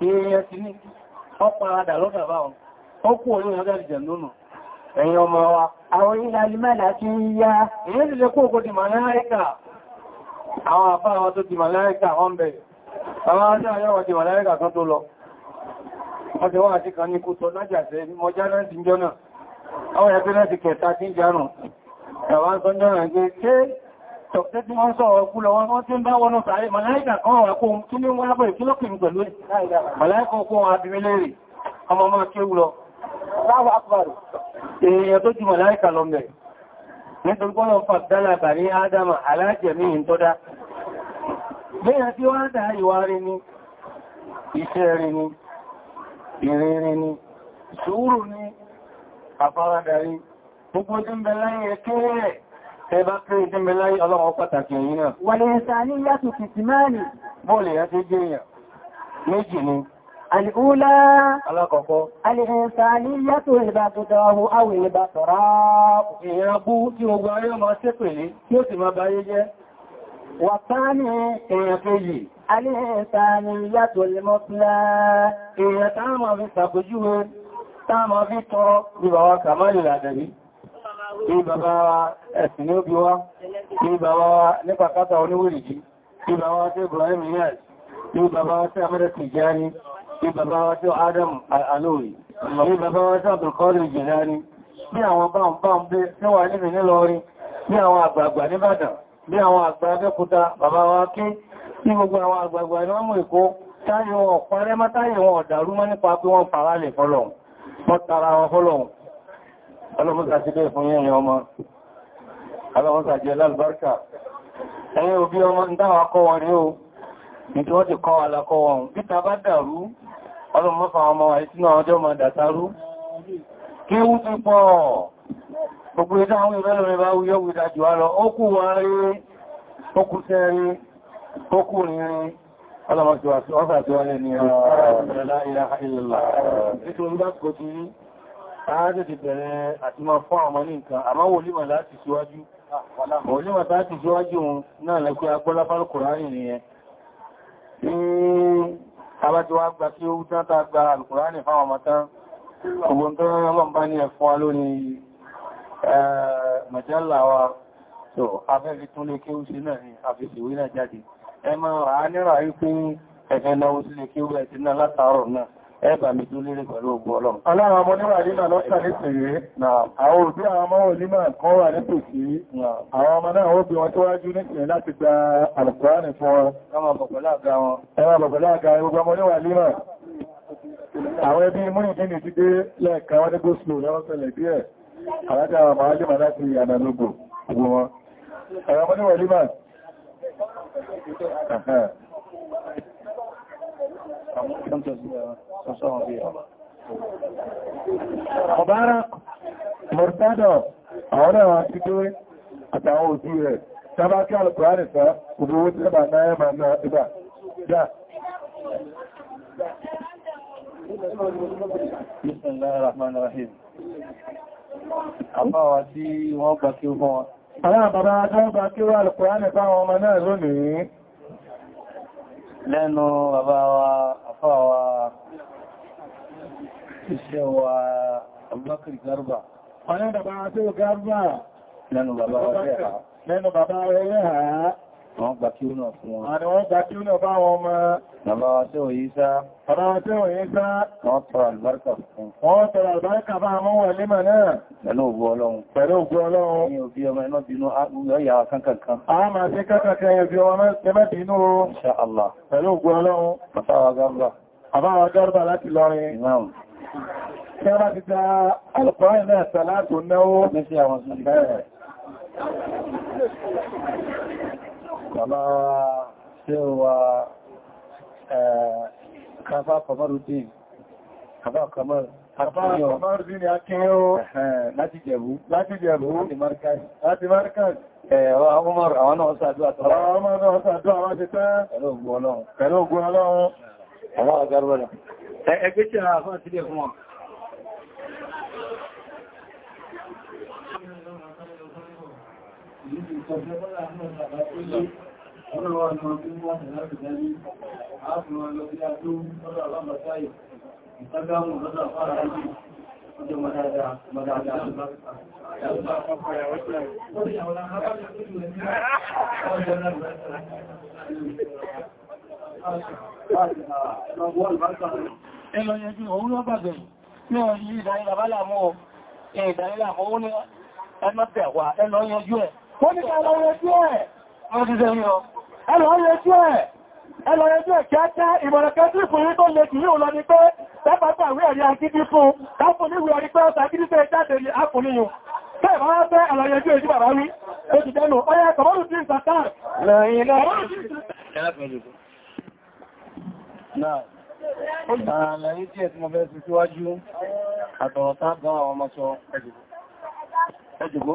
èèyàn ti ní ọpa àdà lọ́dà bá wọn ó kú orí ìjẹ̀ lónà ẹ̀yìn ọmọ wa àwọn ilẹ̀ alìmẹ́lá kí ń yá èyàn ti lè di màláíkà àwọn àfá àwọn tó di màláíkà wọ́n bẹ̀rẹ̀ àwọn ọjọ́ di màláíkà tó lọ kan tọ̀pẹ́ tí wọ́n sọ ọkú lọ wọ́n tí ń bá wọnú sàárè màláìkà kan wà kó tí ní wọ́n lábọ̀ ìkílọ́kìrì pẹ̀lú ẹ̀ màláìkà kó wọn abìmẹ́lẹ́rì ọmọ ọmọ kéwú lọ láwọ́ àpàrù èèyàn tó ju màláìkà lọ mẹ́rin nítorí pọ́lọ̀ fàdánà bàní ádámà alájẹ̀mí ìntọ́dá lẹ́yìn tí wọ́n dá ìwà rí ní iṣẹ́ rí ní ìrìnrí ní sùúrù ní àfaradà rí gbogbo tí ń bẹ láyé Ẹbá kí ní jẹ́mẹ́ láyé ọlọ́wọ́ pàtàkì yìí náà. Wà lè ṣà ní yàtò fìtì máa nì. Bọ́ọ̀lù yà ti jẹ́ èèyàn méjì ni. Àlìkúlá. Alákọ̀ọ́kọ́. Àlìṣà ní yàtò ìbàtọ̀dọ̀ àwọn ìbàtọ̀rá. tí ogun ayé máa ṣépèlé tí ó sì máa báyé jẹ́. Wàtánì èèyàn kejì, aléhẹ́sàánì yàtọ̀ lèmọ́tílá, èèyàn tí bàbá ẹ̀sìn ní òbí wá tí bàbá nípa kátà oníwòrìjì tí bàbá tí Ibrahim Niyaz tí bàbá tí Amẹ́rẹ́ Tijani tí bàbá tí Adam Alori tí bàbá tí Abdulkadir Jilani bí àwọn báhùn tí wà nínú nílọrin bí àwọn àgbààgbà nìbàdàn bí àwọn àgbà Abẹ́kúta bàbá wa kí tí gbogbo àwọn àgbààgbà ní wọ́n mú Èkó táyé wọn ọ̀pọ̀ rẹ́mọ́ táyé wọn ọ̀dàrú mọ́ nípa pé wọ́n fara ọlọ́mọ́ta ti bẹ́ẹ̀ fún yẹ́yìn ọmọ ọlọ́mọ́ta jẹ́ lálùbáríkà ẹ̀yìn òbí ọmọ ìdáwà kọ́ wọn rí o nítí wọ́n ti kọ́ alákọ́ wọn bíta bá dàrú ọlọ́mọ́fà ọmọ wa ìsinú àwọn ọjọ́ máa dàtàrú kí wú ti pọ̀ gbogbo ìdá àwọn ìrẹ́lẹ̀rẹ́ bá wúyọ́ wùdájú wá lọ ó kú wọn rí ó kú sẹ́rí ó kú rírin ọlọ́mọ́ta ti wà sí ọ́fà tí wọ́n lẹ́ ní ọ̀rọ̀ àádẹ́dẹ̀ bẹ̀rẹ̀ àti máa fún àwọn ní nǹkan àmá wòlímọ̀ láti síwájú wòlímọ̀ láti síwájú náà lẹ́kọ́ agbọ́lá fálùkùránì nìyẹn ní àbájúwá gba kí ó tán tá gba alùkùránì fáwọn mọ́tán ọgbọ̀n tó rán bá ní ẹ̀fún alóní mọ̀jálàwà tó afẹ́fi tún lé kéwú sí náà ní ẹgbà mi tó lérè pẹ̀lú ogun ọlọ́run. Aláwọn ọmọ níwà nílà lọ́sà nítorí na àwọn òbí àwọn ọmọ onímọ̀ kan wà nítòsí àwọn ọmọ náà ó bí wọn tó wájú nítorí láti gba alùpùránì fún wọn. Ẹwà bọ̀pẹ̀lá àga wọn. Ẹ̀rọ ọmọ níwà Mubarak, Murtado, àwọn àwọn akíkúrí àtàwọn òjú rẹ̀, sábá kí alùkùránì sá, òbúwó tí ẹbà náà ẹbà náà ẹbà. Já. Bismillahirrahmanirrahim. Àbáwà tí wọ́n gbà kí ó fún wọn. Àwọn bàbá àjọ́gbà kí àfáwà ìṣẹ́wà abubakar garba ọ̀nà bàbá tó garba lẹ́nu bàbá rẹ̀ ha Àwọn gbà kí ó náà fún wọn. Àwọn gbà kí ó náà bá wọn mọ́. Bàbá wa tí ò yí sá. Bàbá wa tí ò yí sá. Wọ́n tọrọ àlùbáríkà fún. Wọ́n tọrọ àlùbáríkà bá wọn wọ̀ lé mọ̀ náà. Pẹ̀lú ògbó Ọlọ́run. Pẹ̀lú ògbó Ọlọ́run. Ní òbí ọmọ iná bínú yọ́yà bàbá ṣe wa kàbá kọmọrùdín kàbá kọmọrùdín akínyó láti jẹ̀bú láti jẹ̀bú láti markas Ẹ̀wọ́ Umar àwọn náà ṣàdúwà tọ́lá. Ẹgbẹ́ tí a fún àtílẹ̀ fún wọn. Ẹlọ́yẹjú òun ló bàbẹ̀ ní ọ̀yí ìdáyìnlá bá làmọ́ ẹ̀ẹ̀dáyìnlá mọ́ ó ní ẹmọ́tẹ̀wà ẹlọ́yẹjú ẹ̀. Mo ní ká lọ yẹjú ẹ̀, ọ̀rọ̀ ti jẹ́ yọ. Ẹ lọ yẹjú ẹ̀, ẹ lọ yẹjú ẹ̀ kíákíá ìmọ̀ràn kẹ́tí fún yí tó lè kìí ò lọ ní pé tẹ́pàtà wí ẹ̀rí agídí fún, táfún ní wí ọ̀rí pé ọ̀sà agídí fẹ́ jáde ní àkùnrin Bẹ́ẹ̀bá wá fẹ́ àlàyẹjú èjú bàbá rí, ó ti dẹnu, ó yẹ kọ̀mọ́rù sí ìsàtà. Lẹ́yìn náà, àlàyé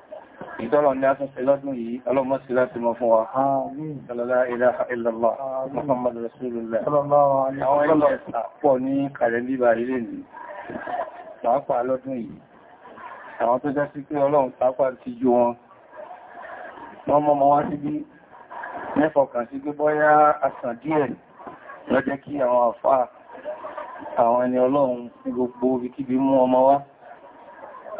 ìtọ́lọ̀ ní àtúnṣe lọ́dún yìí ọlọ́mọ sí láti mọ fún wa ilaha illallah muhammad rasulullah àwọn ilẹ̀ pọ̀ ní kàrẹ́líbà ilé ní pàápàá lọ́dún yìí àwọn tó já sí pé ọlọ́run pàápàá ti ju wọn wọ́n mọ́ mọ́ wá sí bí mẹ́fọ̀kàn sí pé bọ́yá àsàn díẹ̀ lọ́jẹ́ kí àwọn àfáà àwọn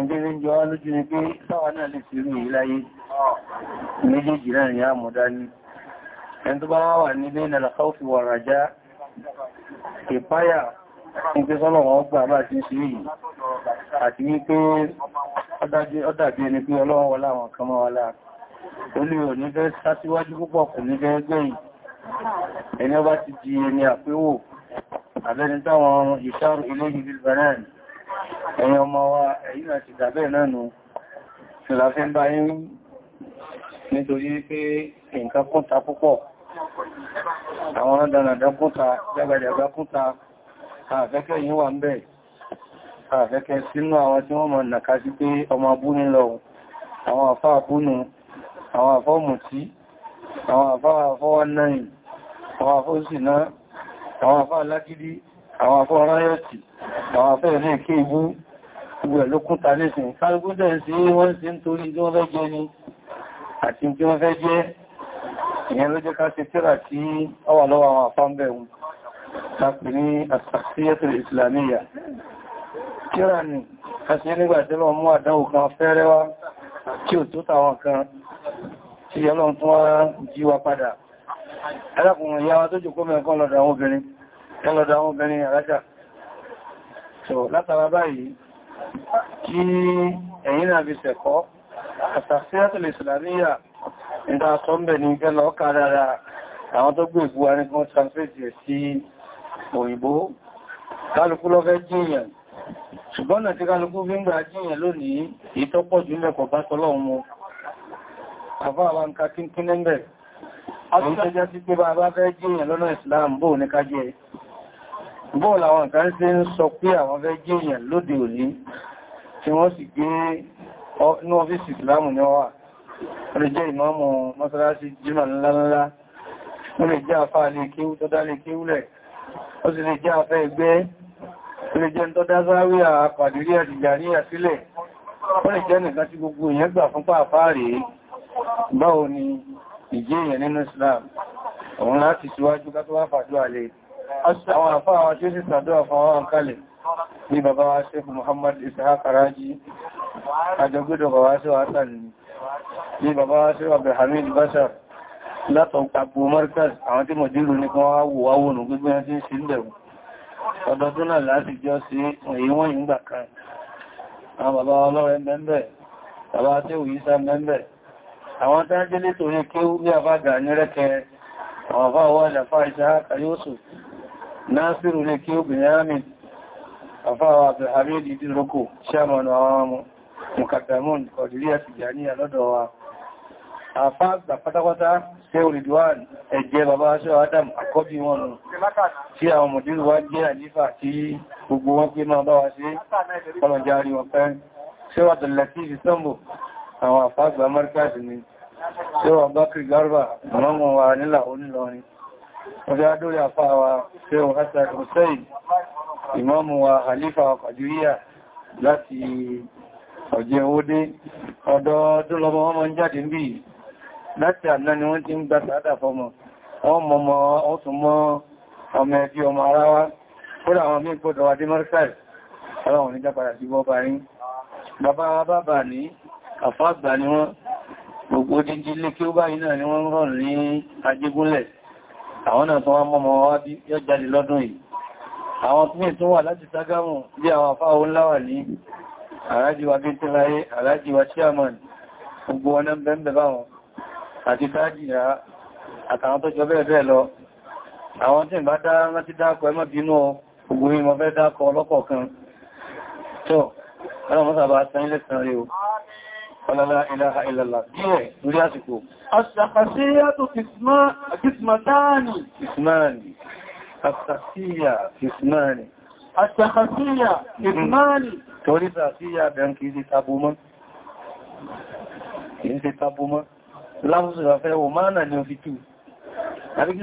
ìgbèrè jọ wá lójú ní pé sáwà náà lè fi rí ìláyé méjèèjì náà ni a mọ̀ dání ẹni tó bá wà ní ilé ìnàlà káòfì wà ràjá ìpáyà nígbé sọ́lọ̀ wọn gbà bá ti ṣe yìí àti wípé ọdàbí ẹni pé ọlọ́wọ́ wọlá àwọn kan mọ́ wọlá olú ò ní fẹ́ sásíwájú púpọ̀ kò ní fẹ́ gbẹ̀yìn ẹni ọba ti di ẹni ẹ̀yin ọmọ wa ẹ̀yin àti ìdàbẹ̀ náà nù ìlàfẹ́ ń bá yín nítorí pé nǹkan kúnta púpọ̀ àwọn ọ̀dánàdá kúnta jágbàjàgbà kúnta àfẹ́kẹ́ yìí wà ń bẹ̀ àfẹ́kẹ́ sínú àwọn tí wọ́n mọ̀ nàká sí pé ọmọ abúni lọ àwọn àfá àbúnu àwọn àfọ́ mùtí àwọn àfá àfọ́ 19 àwọn àfọ́ sínà àwọn àfá alágídí àwọn afọ́ àwọn afẹ́ ní kí ibú gbogbo ẹ̀ ló kúta nísìn sí wọ́n sí ń torí tí wọ́n fẹ́ ni àti tí wọ́n jẹ́ ìyẹn ló jẹ́ ká ṣe tíra tí ó lọ́wọ́ àwọn afọ́ ń ìyá wa tó jù kó mẹ́kan lọ́dọ̀ àwọn obìnrin ẹlọ́dọ̀ àwọn obìnrin àrájà so látara báyìí kí ẹ̀yìn náà fi sẹ̀kọ́ àtàṣíyàtòlè ìsìlàmíyà ìta sọ́mbẹ̀ ní ìgbẹ́lọ ọkà dára àwọn tó gbé ìgbúwa ní kan translate sí òyìnbó kálukú lọ́fẹ́ jíyàn ṣùgbọ́n náà tí kálukú fi ń gbà jíyàn lónìí ìtọ́pọ̀ jù mẹ́kọ̀ bá tọ́lọ́run mu àfá àwọn nǹkan kínkín lẹ́gbẹ̀ẹ́ àwọn tó jẹ́ sí pé bá bá fẹ́ jíyàn lọ́nà ìsìlám ní ká bọ́ọ̀lù àwọn kan ṣe ń sọ pé àwọn fẹ́ jẹ́ èèyàn lóde òní tí wọ́n sì gbé ní ọ́fíìsì ìsìlámù ní ọwà rẹ̀ jẹ́ ìmọ́mù mọ́sálásí jímà ńláńlá wọ́n lè jẹ́ afá alẹ́ kéwú tó dá lè kéwúlẹ̀ ó sì lè jẹ́ afẹ́ ẹgbẹ́ ó lè jẹ́ tó dá záwí àpàdìrí àdìjàrí àsílẹ̀ ó lè jẹ́ nìkan tí gbogbo èèyàn ni nínú Islam òun láti síwájú ká tó wá fàdó àwọn àfáà wọn tí ó sì sàdúwà fún àwọn kalẹ̀ ní bàbá wa ṣe Muhammad Ishaq Raji àjọgbọ́dọ̀ bàbá ṣe wà sàrì ní bàbá wa ṣe Hamid Bashar látọ̀pàpò Markaz àwọn tí mọ̀dínlù ní kan wá wò wá wònù gbígbé wọn tí ń sí ìbẹ̀rù ọdọọdún náà láti jọ sí èyí wọ́n yìí gbà kan àwọn bàbá ọlọ́rẹ̀ mẹ́mẹ́ bàbá tí ò yí sá mẹ́mẹ́ àwọn tánjẹ́ nítorí kí ó bí àbága ní Nasiru lè kí obìnrin àmì àfáwà Abdulhamid Ìdínrókò, Ṣẹ́mọ̀nà àwọn Mùkàdàmùn, Kọ̀dìríyà Tìjàníyà lọ́dọ̀ wa. Àfá àgbà pátápátá ṣe olùdíwàn ẹ̀jẹ́ bàbá aṣọ Adam àkọ́bí wọn nù tí àwọn mọ̀dúrù wá jẹ́ àlífà tí gbogbo wọn pé máa bá wa ṣe ọlọ̀járí wọn pẹ́. Ṣé wà tọ̀lẹ̀tí ìsọ́mbò àwọn àfá àgbà Márkàsì ni, ṣé wà Bákìrì Garba, àwọn ọmọ wa nílà onílọrin ọjọ́ adórí àfáwà ṣeun hassan hussein ìmámù wa halifa ọkàdúríyà láti ọjẹ́ owódé ọdọọdún lọmọ wọn mọ́ ń jáde ń bí láti àná ni wọ́n ti ń gbá sàádà fọmọ wọ́n mọ́mọ́ ọ̀tún mọ́ ọmọ ẹbí ọmọ ara wá kódà àwọn mí gbọ́dọ̀ adé mọ́ríkàì ọlọ́run ní jápadà sí bọ́bá yín bàbá bàbá ní àfáàgbà ni wọ́n gbogbo dídí lé kí ni wọ́n rọ̀ ní ajégúnlẹ̀ àwọn náà tó wá mọ́mọ́ wá bí yọ jáde lọ́dún yìí àwọn tí tó wà láti Ṣàgámù bí àwọn afáwọ láwà ní àrájíwá bíntíláyé àrájíwá chairman gbogbo wọn náà bẹ́ẹ̀ báwọn àti tájìyà àtàwọn tó jọ bẹ́ẹ̀ bẹ́ẹ̀ lọ àwọn tí bá dáa láti dákọ̀ ẹmọ́ bínú gbogbo ìmọ̀ fẹ́ dákọ̀ ọlọ́kọ̀ọ̀kan tó ọlọ́mọ́sàbà sẹ́yìn lẹ́sàn rí o ọlọ́lá ìlàhà ìlàlá díẹ̀ lórí àsìkò. Àṣàkàṣíyà tó kìsmàtánì. Kìsmàní. Àṣàkàṣíyà kìsmàní. Àṣàkàṣíyà kìsmàní. Torí sàṣíyà bẹ̀rẹ̀ kìí ṣe tabo mọ́. Kìí ṣe tabo mọ́. Láwọ́sù ìrọ̀fẹ́ wò máa nà ní òfitù. Àbí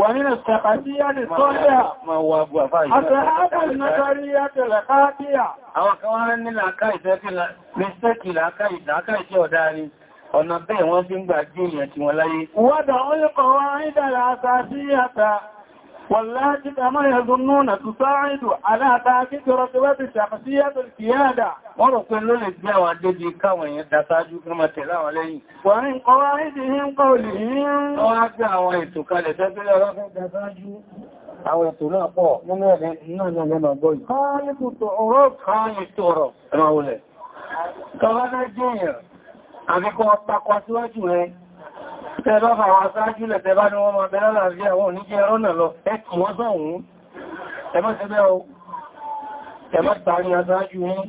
ومن السقطية للصلحة أصحاب النظرية الخاطئة àwọn kan wá ní làkáìsẹ́kì làkáìsẹ́ ọ̀dáni ọ̀nà bẹ́ẹ̀ wọ́n fi ń gbà jíyàn tí wọ́n láyé wọ́dà ó lè kọ̀wọ́ ìdàlà àsàsíyàta واللاتي كما يظنون تساعد على تعكيك رتبة شخصية القيادة ورسل الإجماع الذي كون يتساجد كما تلاوى لي ومن قواعدهم قولهم وأجع ويتك لتبلغ التساجد Àwọn ètò náà pọ̀ nínú ẹ̀lẹ́ náà náà lẹ́nà gbọ́ yìí. Káàlì tòtò ọ̀rọ̀ káàlì tó ọ̀rọ̀ ẹ̀rọ olẹ̀. Kọ̀wọ́n náà jẹ́ èèyàn, àfikọ́ ọ̀pàkọ́ síwájú rẹ̀, tẹ́bá bá wá sáájú lẹ̀ tẹ́bá ní wọ́n máa bẹ̀rẹ̀ láàrin àwọn oníjẹ́ rọ́nà lọ ẹkùn wọ́n sọ̀hún ẹmọ́ tẹ́bẹ́ o tẹ́bá tààrí aṣáájú yìí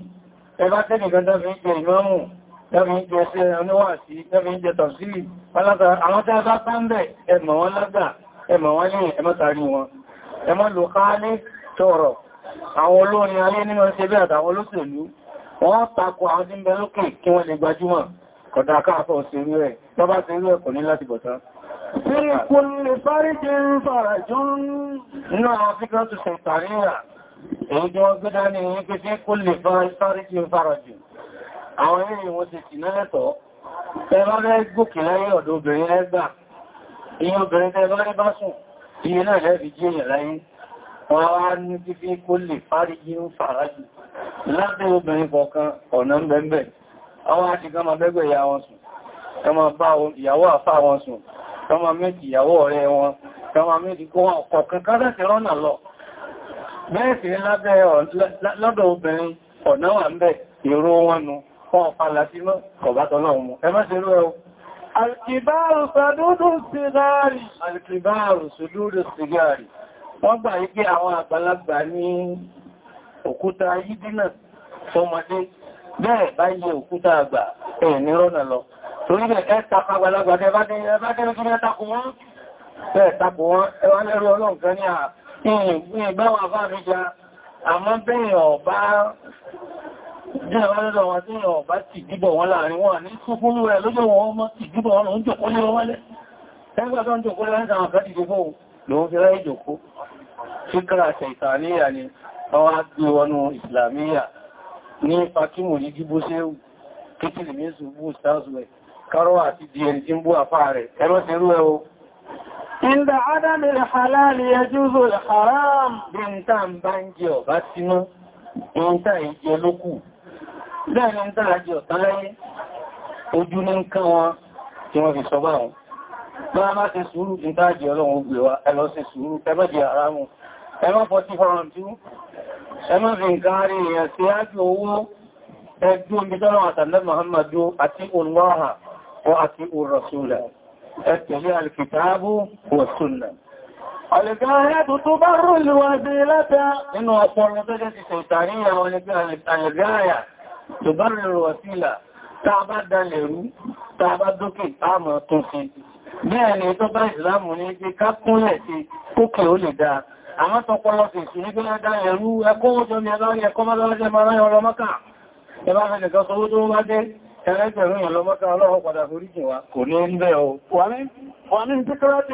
tẹ́bá tẹ́nìkan tẹ́bí ń jẹ ìmọ́mù tẹ́bí ń jẹ ṣẹ́ oníwàásí tẹ́bí ń jẹ tọ̀sílì àwọn tẹ́bá tàbẹ̀ ẹmọ̀ wọn lágbà ẹmọ̀ wọn ní ẹmọ́ tààrí wọn ẹmọ́ kọ̀dá káàkọ́ òsìrí rẹ̀ tó bá ti rí ẹ̀kọ́ ní láti bọ̀tá. Fírí kún lè fárí jẹ́ ń fara jù nínú àwọn fíkọ́ tó ṣe ìtàríyà, èyí jọ gbẹ́dá ní èyí pé fí kún lè fárí jẹ́ ń fara jù. Àwọn eré wọn ti sì lẹ́lẹ́tọ̀, tẹ́bá rẹ̀ gòkè láyé ọ̀dọ̀ obìnrin lẹ́gbà, iye obìnrin tẹ́bá náà lẹ́bi jẹ́ láyé. Wọ́n wá ní fífí kún lè fárí jẹ́ ń Lábẹ́ obìnrin kọ̀ọ̀kan ọ̀nà ń àwọn aṣe kan máa bẹ́gbẹ̀ ìyá wọn sùn kan máa bá ìyàwó àfá wọn sùn kan máa méjì ìyàwó ọ̀rẹ́ wọn kan máa méjì kó wọn kọ̀kan kan láti rọ́nà lọ bẹ́ẹ̀ sí lábẹ́ lọ́dọ̀ obìnrin ọ̀nà wà ń bẹ̀ ìró wọn nu fún ọ̀pá láti mọ́ kọ̀bátọ́ náà mú ẹ má ṣe rú ẹ Alkìbáàrù sàdúdú sígárì. Alkìbáàrù sàdúdú sígárì. Wọ́n gbà bẹ́ẹ̀ bá yẹ òkúta àgbà ẹ̀ ní rọ́nà lọ torí bẹ̀ ẹ́ takọ àgbàlagbà tẹ́ bá tẹ́lẹ̀ bá tẹ́lẹ̀ tó mẹ́ takọ wọn bẹ́ẹ̀ takọ wọn ẹwà lẹ́rù ọlọ́nkan ní ìgbẹ́wà bá mi já àmọ́ bẹ́ẹ̀ ọ̀bá jẹ́ ọlọ́dọ̀ wọn tí ọ̀bá ti dìbọ̀ wọn láàrin wọn ní kúkúrú rẹ̀ lójọ́ wọn ọmọ ti dìbọ̀ wọn lóúnjọ́ kó lé wọn wálẹ̀ ẹgbẹ́ tó ń jòkó lẹ́yìn àwọn ni ọwá gbé wọnú nípa kí mò ní gígbó séhù kíkìlì ní ṣùgbú ìsáàzùwẹ̀ kárọ́ àti di ẹni tí ń bú àfá rẹ̀ ẹ̀rọ ti rú ẹ o inda adam al-halal yajuzu al-haram bíntà ń bá ń jẹ ọ̀bá sínú bíntà ìjẹ lókù lẹ́yìn ń dára jẹ ọ̀tán láyé ojú ní nǹkan wọn tí wọ́n fi sọ bá wọn bá má ṣe sùúrù tí ń dájẹ ọlọ́run ó gbé ẹmọ́ fi nǹkan rí èèyàn sí ájú owó ẹgbùn bí tọ́rọ àtàlẹ́ Muhammadu àti olùwáhà wọ́n àti olùrọ̀súlẹ̀ ẹ̀tẹ̀lé alkitabu wa sunna Àlẹ̀gáyàtò tó bá rọ̀lù wà dé látà nínú ọpọlọ tó jẹ́ ti sọ̀tàrí àwọn àlẹ̀gáyà tó bá rọ̀lù wà sílà tàà sí kókè ó lè àwọn tọpọlọ sí sí nígbé dá ẹ̀rú ẹkọ́ ọjọ́ ni aláwọ̀ ẹkọ́ mọ́lọ́wọ́dẹ́ máa ráyọ ọlọ́mọ́ká ẹbá rẹ̀ nìkan sọ tó wá dé ẹlẹ́gbẹ̀rún ìyànlọ́mọ́ká ọlọ́wọ́ padà forí jìn wá kò ní ń bẹ́ o wà ní tíkọ́lá ti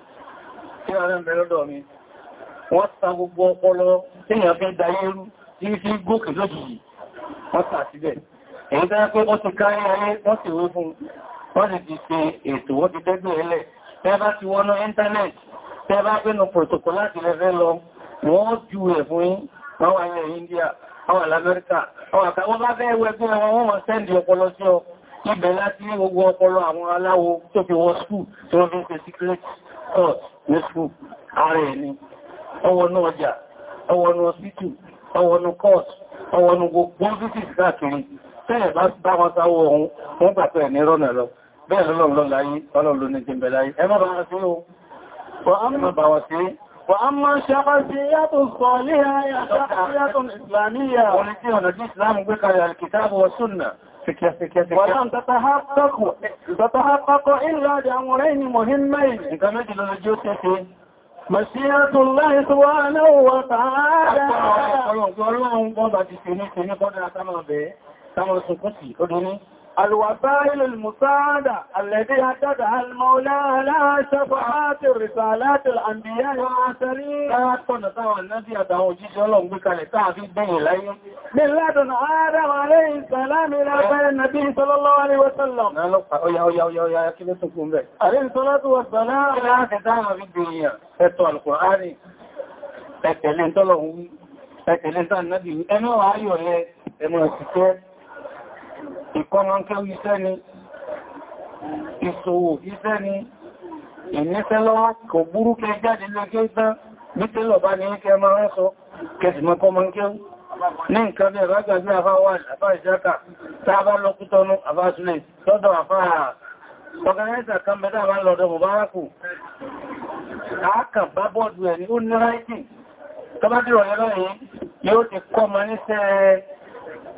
tíra rẹ̀ ń bẹ lọ́dọ̀ mi wọ́n sa gbogbo ọpọlọ tíyàn fẹ́ dayérú tí fi gòkè lójìí wọ́n sà síbẹ̀ èyí tó yá pé protocol láti lẹ́fẹ́ lọ ní gbogbo ọpọlọ àwọn aláwo tó fi wọ́n skú tí wọ́n fi ń pè secret thought nísù ààrẹ ẹni ọwọ́nú ọjà ọwọ́nú ọsítù ọwọ́nú kọ́ọ̀tù ọwọ́nú gbogbo títì káàkiri tẹ́ẹ̀ bá bá wọn sáwọ́ ohun wọ́n pàtẹ́ ní rọ́nà lọ bẹ́ẹ̀ lọ́lọ́lọ́ láyé ọlọ́lọ́ ní jẹ́ bẹ̀láyé ẹ má bá wọn sí o wọ́n bá wọn sí وأما الشخصيات الصالحة هي شخصية إسلامية ولكن الإسلام بك الكتاب والسنة ولن تتحقق تتحقق إلا بأمرين مهمين مشيئة الله سبحانه وتعالى Ọlọ́run gbọ́dọ̀ ti ṣe ní ṣe ní bọ́dọ̀ àtàmà bẹ̀ẹ́, táwọn sùn kú sí, ó dúnú. الوسائل المساعدة الذي هددها المولى لا شفعات رسالات الأنبياء والمرسلين لا تكون تاوى النبي أدعو جيش الله بكالي تعفي بين لي من لدن آدم عليه السلام إلى بين النبي صلى الله عليه وسلم يا يا يا يا كيف تكون بك عليه الصلاة والسلام لا تتعلم في الدنيا فتوى القرآن تكلم تلهم تكلم النبي أنا وعيوه أنا وعيوه ìkọ́mọ́kẹ́ iṣẹ́ ni ìṣòwò iṣẹ́ ni ìníṣẹ́ lọ́wọ́ kò burú kẹ jáde lẹ́kẹ́ ìtàn nítẹ́ lọ bá ní ẹkẹ́ máa ń sọ kẹsìmọ́ kọ́mọ́kẹ́ ní nǹkan bẹ̀rẹ̀ rágbàgbé àfáwà àfá ìjáka tàbá lọ́kútọ́nú àfásúlẹ̀ lọ́dọ̀ àfáà ọ̀gánáìsà kan mẹ́ta bá lọ́dọ̀ mọ̀bárákù àákàbá bọ́ọ̀dù ẹ̀ ní ó ní ráìtì tọ́bá dìrọ̀ lẹ́rọ̀ yìí yóò ti kọ́ mọ́ níṣẹ́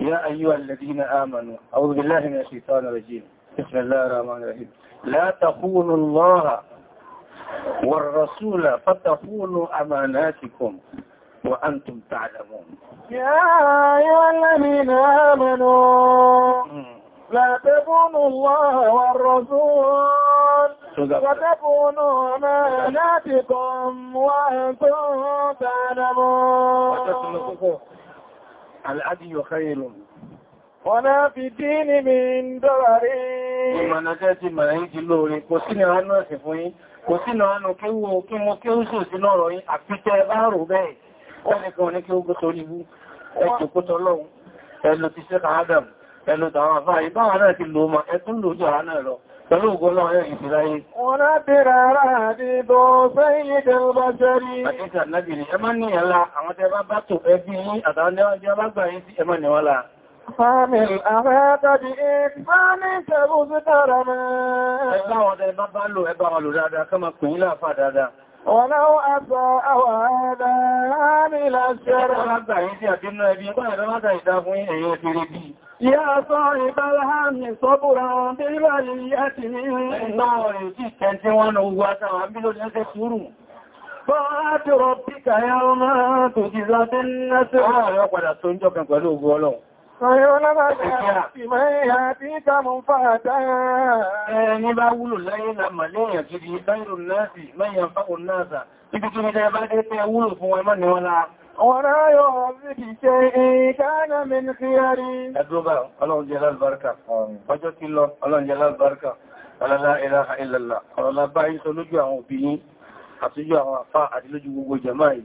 يا أيها الذين آمنوا أعوذ بالله من الشيطان الرجيم بسم الله الرحمن الرحيم لا تخونوا الله والرسول فتخونوا أماناتكم وأنتم تعلمون يا أيها الذين آمنوا لا تخونوا الله والرسول وتكونوا أماناتكم وأنتم تعلمون العدي خير ولا في الدين من درر ìmọ̀nà jẹ́ ti mọ̀rẹ̀ yìí ti lóore kò sí ní ọ̀nà ẹ̀sìn fún yín kò sí ní ọ̀nà kí wo kí mo kí ó sùn sínú ọ̀rọ̀ yìí àpítẹ́ láàrù bẹ́ẹ̀ ẹnìkan ní kí ó gbótó pẹ̀lú ògbọ́lọ́ ayọ́ ìfìláyé. Wọ́n á bèèrè ara àdìbò fẹ́yìn ìdẹ̀rùbá jẹ́rí. Àkíkà náàbì ni, ẹ má ní ẹ̀lá àwọn tẹ́ bá bá tò ẹbí yín àtàwọn lẹ́wọ́n jẹ́ bá gbà yín sí ẹmọ́ níwọ́lá. Fáàmìl àwẹ́ta di ìfáàní tẹ̀bù sí tààrà mẹ́. Ẹgbà wọn tẹ́ bá ولو أطاعوا آبان إلى الشر يا صاحب الهم صبرا بالبلية من طاعة ربك يوم تجزى بالنسر Ọ̀yọ́lá bá jẹ́ ìmọ̀ ìhà tí ká mú fàádá. Ẹni bá wúlò láyé na màlẹ́yàn gidi dáìrùn náà sí mẹ́yàn fáwọn náà sà. Ibi kí ní jẹ́ bá jẹ́ pé wúlò fún wa mọ́ ni wọ́n láà. ولا يعذب شيء كان من خياري أدوبا الله جلال بركة فجأت الله الله جلال بركة ولا لا إله إلا الله ولا باعث لجوه به أتجوه وفاء لجوه جمائي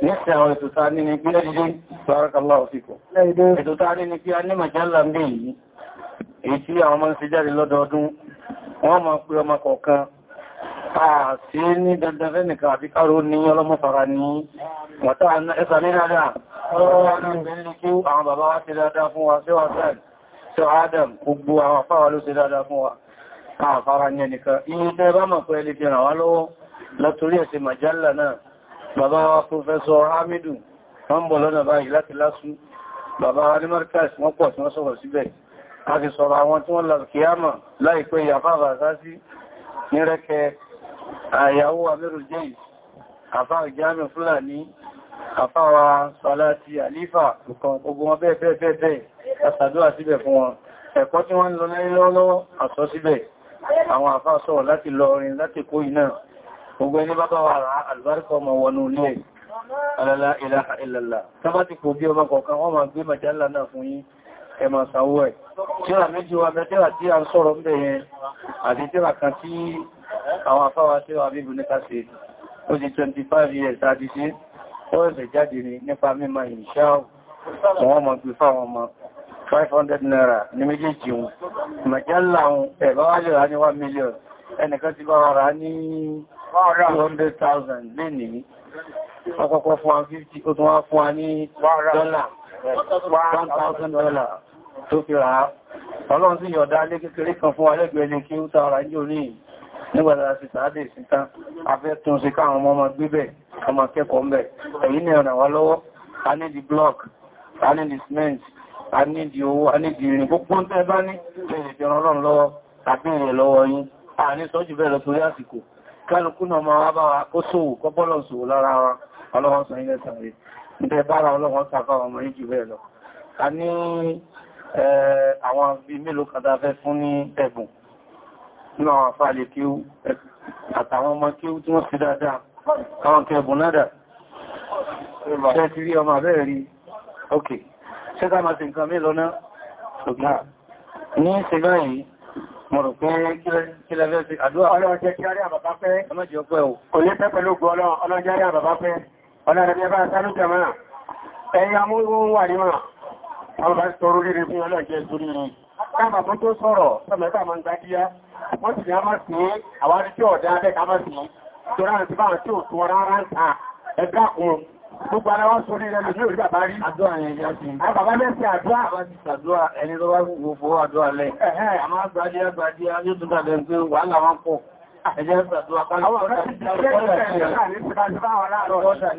Nẹ́sẹ̀ àwọn ètò ta ní ni pé ẹgbẹ́ ìgbàrakàlá òfíkò. Ètò ta ní ni pé a ní màjálà ń bí yìí, èyí tí àwọn ọmọ ń ṣe jáde lọ́dọọdún, wọ́n máa pé ọmọ kọ̀ọ̀kan àti ní dandan fẹ́nìkan àti káró ní ọlọ́mọ́fara ní wàtá ẹsà ní dáadáa àwọn bàbá wa ṣe dáadáa fún wa ṣe wà sáàdì ṣe adam gbogbo àwọn afáwà ló ṣe dáadáa fún wa àfara bàbá wa pòfẹ́sọ hamidu wọ́n bọ̀ lọ́nà báyìí láti lásù bàbá wa ní markas wọ́n pọ̀ tí wọ́n sọ̀rọ̀ síbẹ̀ a ti sọ̀rọ̀ àwọn tí wọ́n lọ kíyàmà láìpẹ́ ìyàfáàbà sásí ní rẹ́kẹ́ àyàwó amẹ́rù jẹ́ àfá ìjámi fúlàní àfá wa sàláti àlífà nǹkan ogun wọn bẹ́ẹ̀ bẹ́ẹ̀ bẹ́ẹ̀ bẹ́ẹ̀ àsàdúrà síbẹ̀ fún wọn ẹ̀kọ́ tí wọ́n ń lọ gbogbo ẹni bá bá wà rá àlùbáríkà ọmọ wọnú ilé alálá ìlàhà ìlàlá tábà ti kò bí ọmọ kọ̀ọ̀kan wọ́n máa gbé màjálà náà fún yín ẹmà sàwọ́ ẹ̀ tíra méjì wa mẹ́tíra tí a ń sọ̀rọ̀ ńbẹ̀ yẹn àti tíra kan tí àwọn afáwa tí wà bíbù ní káṣe ó di 25 years àti sí ó ẹ̀sẹ̀ jáde ní nípa mímọ̀ ìṣá wọn mọ̀ gbé fáwọn ọmọ 500 naira ní méjèèjì wọn màjálà wọn ẹ̀bá wájọ̀ rá ní 1 million ẹnìkan ti bá wà rá ní 100,000 lénìí ọkọ̀kọ́ fún 150 ó tún wá fún wa ní dọ́là 1,000 dọ́là tó fi rà á ọlọ́run sí yọ̀dá lé kékeré kan fún wa lẹ́gbẹ̀ẹ́ ní kí ó ta ọ̀rà ní orí nígbàtà sí tàádé síta afẹ́ tún sí káwọn ọmọ ọmọ gbíbẹ̀ ọmọ kẹ́kọ̀ọ́ mẹ́ èyí ni ọ̀nà wá lọ́wọ́ a ní di block a ní di cement a ní di owó a ní di irin gbogbo tẹ́ bá ní lè fi kálukú náà máa wá bá wa kó sówò kọ́bọ́lọ̀ sòwò lára wa ọlọ́wọ́n sọ ilẹ̀ sàrè ìbẹ̀ bára ọlọ́wọ́n sàfà ọmọ ìjì bẹ́ẹ̀ lọ a ní àwọn bí mélòó kàdá fẹ́ fún ní ẹ̀bùn náà àfàlẹ̀ kí ó àtàwọn ọmọ kí ó tí wọ́n fi dáadáa káwọn kẹbùn nádà ṣe ti rí ọmọ ní ṣe báyìí mo rò pé kílẹ̀ fẹ́ sí àdúrà ọlọ́run jẹ́ kí a rí àbàbá pẹ́ ọlọ́jẹ́ ọpẹ́ o kò ní pẹ́ pẹ̀lú gbọ́ ọlọ́run jẹ́ rí àbàbá pẹ́ ọlọ́run jẹ́ bá sálúkẹ̀ mọ́ra ẹ̀yìn amúrú wà ní mọ́ra àwọn bá sọ orí rí fún ọlọ́jẹ́ ìtúrí rí káàmà fún tó sọ̀rọ̀ sọmẹ́ta ma ń gbájíyá wọ́n sì ní a máa sí àwárí tí ọ̀dá abẹ́ ká máa sí ò tó rárá ń ta ẹgbẹ́ àkùnrin Gbogbo ara wá sórí rẹ̀ lórí orí bàbá rí. Àdúrà yẹn yá sí. Àwọn bàbá mẹ́sì àdúrà. Àdúrà ẹni tó bá gbogbo àdúrà lẹ̀. Àmá gbàdíà gbàdíà yóò tún dàbẹ̀ pé wàhálà wọn pọ̀. Ah. Ẹjẹ́ ìgbàdúrà kan. Àwọn ọ̀rẹ́ ti jẹ́ ìgbàdúrà kan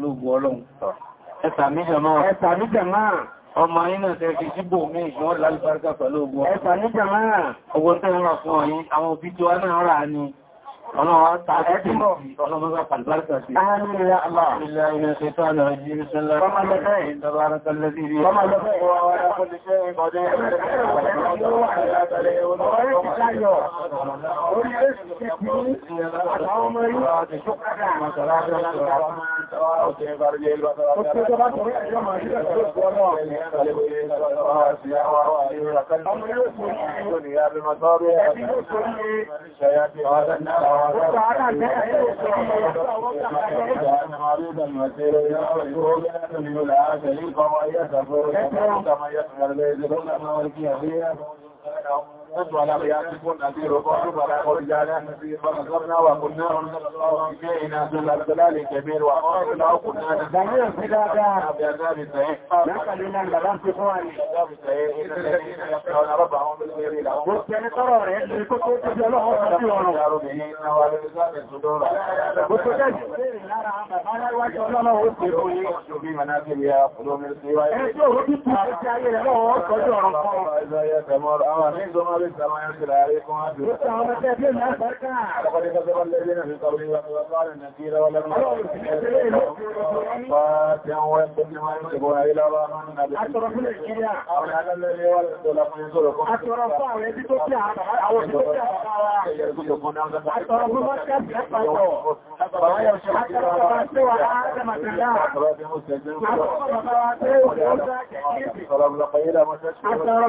ní ìfẹ́ Ẹ̀sàmí jẹ̀máà ọmọ iná tẹ́ fi síbò mí ìṣọ́ lálùbáríkà pẹ̀lú ogun ọ̀pọ̀ ní jàmáà ọgbọ̀n tẹ́ rán fún ọ̀yí àwọn òbí tí wá náà rà ní Ọmọ yóò fún ìrìn àjò ní abẹ́mọ̀tọ́rọ̀ ẹ̀rọ ìṣẹ́yà tí ọ̀rọ̀ náà وإياك فرد كما يسمى البيت كلما ولكي فيها نصب على رياتكم أكيد وقعدوا على رجالنا فنظرنا وقلنا الله إلينا ذل الجلال الكبير وقالنا وقلنا دمير فدادا بعذاب السيء نقل لنا الغلام في قواني بعذاب السيء إن الذين يخشون ربهم بالغير لهم وكان قرار يجري كتب تجلهم ربهم يارو به إنه على لسان الصدور وكتب أنا الواجه الله وصفوني في مناكبها قلوب السيوائي إذا يتمر أمر قبل سماية عليكم لقد كذب الذين من قبل وقال النكير ولما فاتحا ويقول ما يمسكون إلى رحمن نبي أترف الإجياء أولا الذي ولد لكم ينصركم أترفا ويجب تطلع أترف مركب فما يمشي أترف قيل متشكرا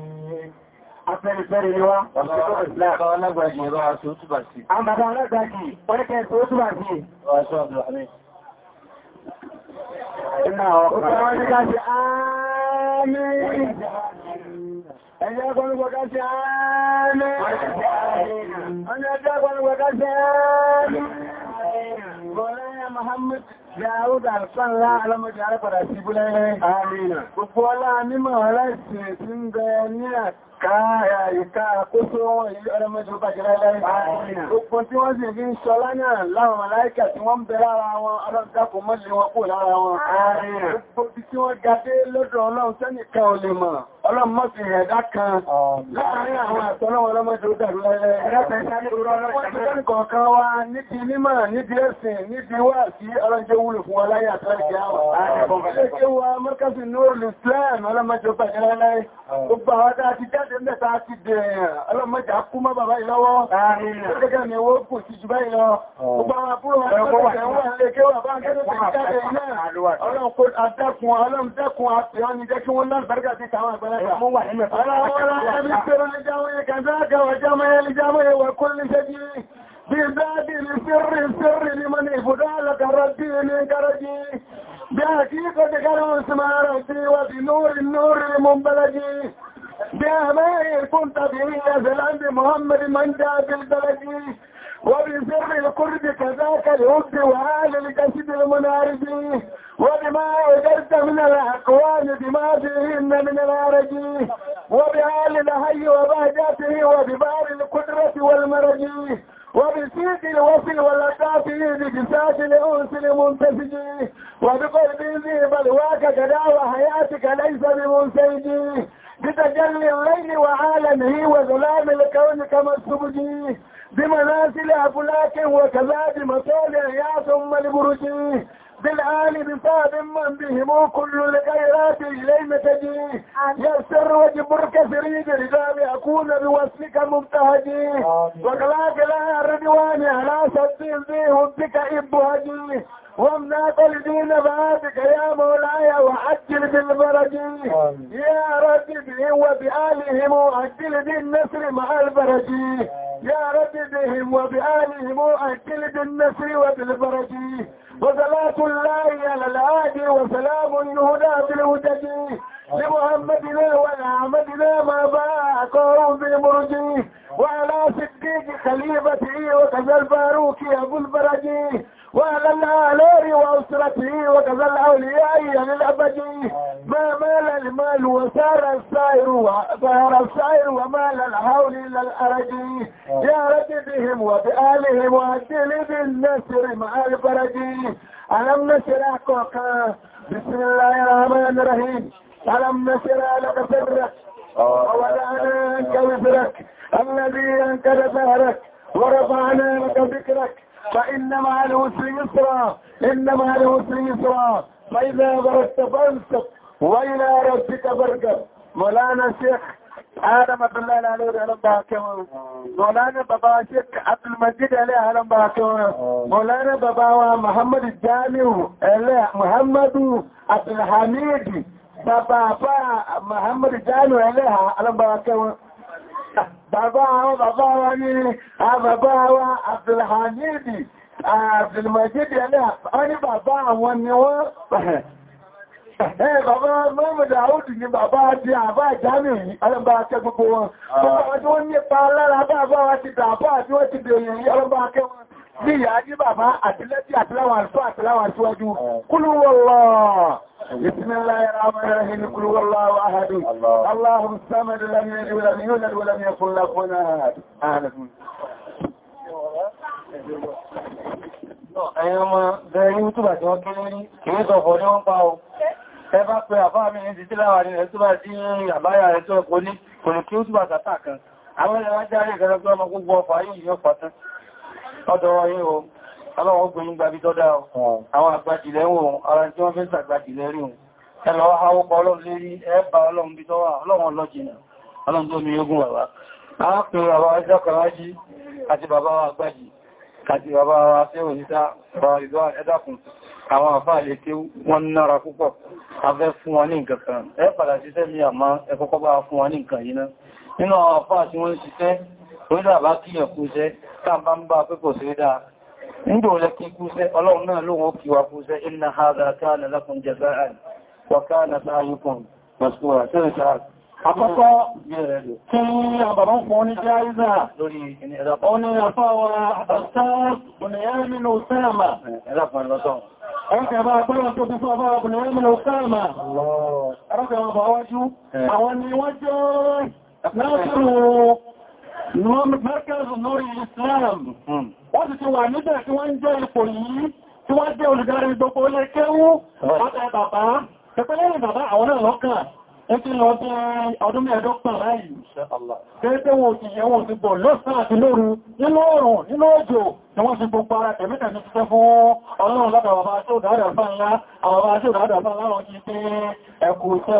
afẹ́rẹ́fẹ́rẹ́ ni wá Ẹjẹ́ agbọ́nugbọ́ká sí ààrẹ ọjọ́ agbọ́nugbọ́ká sí ààrẹ Bọ̀láyà Muhammad Yàúdà sánlá alámọ́jẹ́ arápadà sí búlẹ́rẹ́. Àmìnà. Gbogbo ọlá mímọ̀ aláìsìn tí ń bẹ ní àká ìka àkóso ọlọ́mọ́jẹ́ bàjẹ́ láìláì. Àmìnà. Gbogbo tí wọ́n sì fi ń sọ lánàá láwọn màláíkà tí wọ́n ń bẹ lára wọn ọlọ́dàkù mọ́lẹ̀ wọn kò lára wọn. Àmìnà. Gbogbo tí wọ́n gadé lọ́dọ̀ ọlọ́run sẹ́nìkan ò lè wúlò fún aláyé àtàrí àwọn ẹgbẹ́wà mọ́kànsí nóòlù islam alamọ́jọba ìrẹ́lẹ́ gbogbo àwọn tàà ti jáde mẹ́ta ti dẹ̀yàn alamọ́jà kú mọ́ bàbá ìlọ́wọ́ gẹ́gẹ́ ni owó kò sí jù báyìí lọ gbogbo àwọn àbúrò wọn tẹ́lẹ̀ wọ́n lè kéwà bá ń kẹ́lẹ̀ jáde náà ọlọ́run adákun alámdẹ́kun àtìyàn ni jẹ́ kí wọ́n náà bẹ̀rẹ̀ àti àwọn àgbẹ̀lẹ́gbẹ̀ àwọn بباب السر السر لمن فضالك ربي من درجي بحقيقة كلام اسمع ربي وبنور النور المنبلجي بأمائر كنت به الأنبي محمد من جاء بالبلد وبسر القرب كذاك الهد وآل الجسد المنارج وبما أجرت من الأقوال بما فيهن من العرج وبآل الهي وبهجاته وببار القدرة والمرج وبسيط الوصل واللطافه بجساس الأنس المنتسج وبقرب ذي بلواك كداوى حياتك ليس بمنسج بتجلي الليل وعالمه وظلام الكون كما السبج بمنازل أفلاك وكذا بمطالع يا ثم البرج بالعالم من بهم كل الخيرات إلينا يا يسر وجبرك سريد رجال أكون بوصلك مبتهجي وقلاك لا الردوان على سبيل ذي هدك إبهجي وامناك دين بابك يا مولاي وعجل بالبرج يا رب به وبآلهم وعجل بالنصر مع البرج يا رب بهم وبآلهم وعجل بالنصر وبالبرج وصلاة الله على الهادي وسلام يهدى بالهدى لمحمدنا ونعمدنا ما باعكم بمرجيه وعلى صديق خليفته وكذا الفاروق ابو البرجي وعلى الآلار وأسرته وكذا الأولياء للأبدي ما مال المال وسار السائر وسار السائر ومال الحول إلى الأرجي يا رب بهم وبآلهم وأجل بالنسر مع البرجي ألم نشرح بسم الله الرحمن الرحيم ألم نشرع لك سرك ووضعنا عنك وزرك الذي أنكر سهرك ورفعنا لك ذكرك فإن مع العسر يسرا إن مع العسر يسرا فإذا بردت فانصت وإلى ربك فارغب مولانا الشيخ آدم عبد الله العلي أهلا بحكمه مولانا بابا شيخ عبد المجيد عليه أهلا بحكمه مولانا بابا محمد الجامع محمد عبد الحميد bàbá àbá Muhammadu Jalo ẹlẹ́ha alágbàra kẹwọn bàbá àwọn bàbá wa ní àbàbá wa Abdulhamidi Abdulmajidi ẹlẹ́ha wọ́n ní bàbá àwọn ni wọ́n Bàbá Mọ́mọ̀dá Àwọ́dù ni bàbá di àbá ìjámì yìí, ọlọ́bà akẹ́ gbogbo wọn. Bàbá tí wọ́n nípa lára bàbá wa ti dàbá àti wọ́n ti bèèrè yìí, ọlọ́bà akẹ́ wọn. Bí ìyá ní bàbá àtìlẹ́tì àtìláwà àtìláwà àtìwájú, kúlúwọ́lọ́. بسم الله الرحمن الرحيم قل هو الله احد الله الصمد لم يلد ولم يولد ولم يكن له كفوا احد Ẹ̀yìn ọmọ bẹ̀rẹ̀ yútùbà tí wọ́n kí lórí, kìí sọ fọ́ ní wọ́n pa ọ. Ẹ bá pẹ àfáà mi ní títí láwà ní ẹ̀tùbà tí àbáyà rẹ̀ tó ẹ̀kọ́ ní, kò ní kí yútùbà tàtà kan. Àwọn ẹ̀rẹ̀ wá járe ọlọ́run gbé yín gbàbí tọ́dá àwọn àgbàjìlẹ̀ wọn ara tí wọ́n fẹ́ sàgbàjìlẹ̀ rí wọn ẹlọ àwọ́pọ̀ ọlọ́run lérí ẹ̀bà ọlọ́run bí tọ́wà ọlọ́run lọ́jìnà ọlọ́run tó mi yógún wàwá arákùnrin àwọn ẹjọ́kọ̀ọ́jí àti bàbá wa àgbàjì àti bàbá wa fẹ́wọ̀n níta bàbá ẹ̀dàkùn àwọn àfáà lè tí wọ́n nára púpọ̀ afẹ́ fún wọn ní nǹkan kan ẹ padà ṣiṣẹ́ mi àmọ́ ẹ kọ́kọ́ bá fún wọn ní nǹkan yìí náà nínú àwọn àfáà tí wọ́n ń ṣiṣẹ́ orílẹ̀ àbá kíyàn kú iṣẹ́ tá ń bá pẹ́kọ̀ sí dáa nígbò lẹ́kí kúsẹ́ ọlọ́run náà lóhun ó kíwà kúsẹ́ inna hadha kana lakum jaza'an wa kana sa'yukum mashkura sẹ́rẹ̀sára àkọ́kọ́ bẹ̀rẹ̀ lò kí àbàbá fún ní járíza lórí ìrìnàpọ̀ àfáwà àbàtà bùnìyàmínú sáàmà ẹ̀lọ́pàá lọ́tọ̀ Ọkà bá agbára tó mẹ́kẹ́rù lórí Islam hmm. wọ́n ti ti wà níbẹ̀ tí wọ́n ń jẹ́ ipò yìí tí wọ́n jẹ́ olùdarí gbogbo lẹ́kẹ́wú hmm. ọ̀tẹ́ bàbá ẹgbẹ́ ọdún mẹ́ẹ̀dọ́gbọ̀n láìlú gẹ́gẹ́ wọn ti yẹ wọn ti bọ̀ lọ́sàn àti lóru nínú ọ̀rùn nínú òjò ni wọ́n ti gbogbo ara tẹ̀mẹ́tẹ̀ ní ṣiṣẹ́ fún ọlọ́run lọ́dọ̀ ọba tí ó dáadà fà ńlá àwọn ọba tí ó dáadà fà ńlá wọn ti pé ẹkù iṣẹ́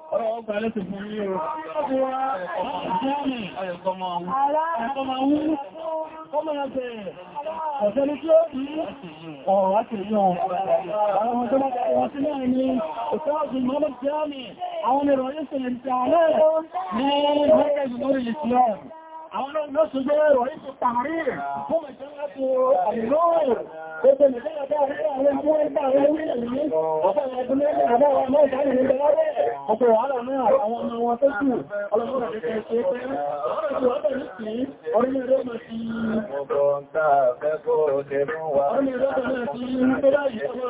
Ọ̀sẹ́ni tí ó bí ọ̀rọ̀ láti rí ọ̀rọ̀. Àwọn ọmọdé wọ́n sí náà ni òṣèrè ọ̀sìn mọ́lọ̀ jẹ́ àmì àwọn ìrọ̀lẹ́sẹ̀ ìrìnṣẹ́ àárẹ̀ ní mẹ́rẹ̀ ìgbórí ìsìlẹ̀ àwọn náà ṣojú ẹ̀rọ ní ti tààrí fún ìṣẹ́ láti àìlóòrùn gbogbo ìṣẹ́lẹ̀ bá rí àwọn ọmọ ẹgbà rẹ̀ wílẹ̀ ní ọ̀pọ̀ ẹgbẹ́ mẹ́rin àbára mọ́ ìdáyẹ̀ ní gbẹ̀rẹ̀ ọ̀pọ̀ wàhálà náà àwọn ọmọ wọn tó kù ọlọ́mọ́rọ̀ ní kẹ́ ṣe pé ọ̀rọ̀ tí wọ́n bẹ̀ ní sí orílẹ̀-èdè mọ̀ sí ọgbọ̀n tàà fẹ́ kó ṣe fún wa orílẹ̀-èdè mọ̀ sí ń pẹ́lá ìṣẹ́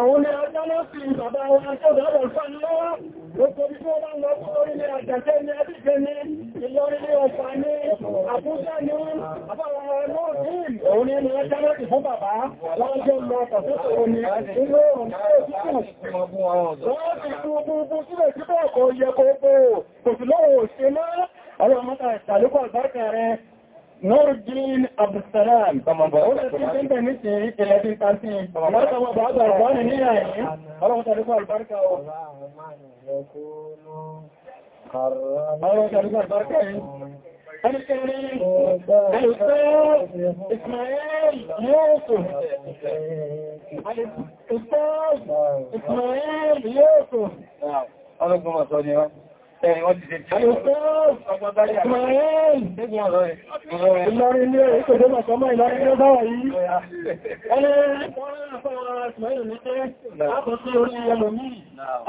Àwọn ni ajá ló fi bàbá wọn aṣọ́dọ̀dọ̀ fún lọ́wọ́, ó torí tí bá ń lọ fún orílẹ̀ àjàkẹ́ ní àdíjẹ́ ní ìlọrílẹ̀ ọ̀fà ní àbújá ní àbáwọn olóòrùn. Òun ni ẹni ajá ló fún bàbá, wọ́n jẹ́ lọ Nurdin Abdussalam. الكريم الأستاذ إسماعيل يوسف الأستاذ إسماعيل يوسف نعم أنا كما صديقا Ìlọrin ilé ìpèdé màṣọ́mọ́ ìlọrin ilé báwà yìí. Ẹni ẹ̀rẹ́ ìpọ́nrẹ́ àfáwà Ìsmail ní pé, àkọsí orí ẹlòmí.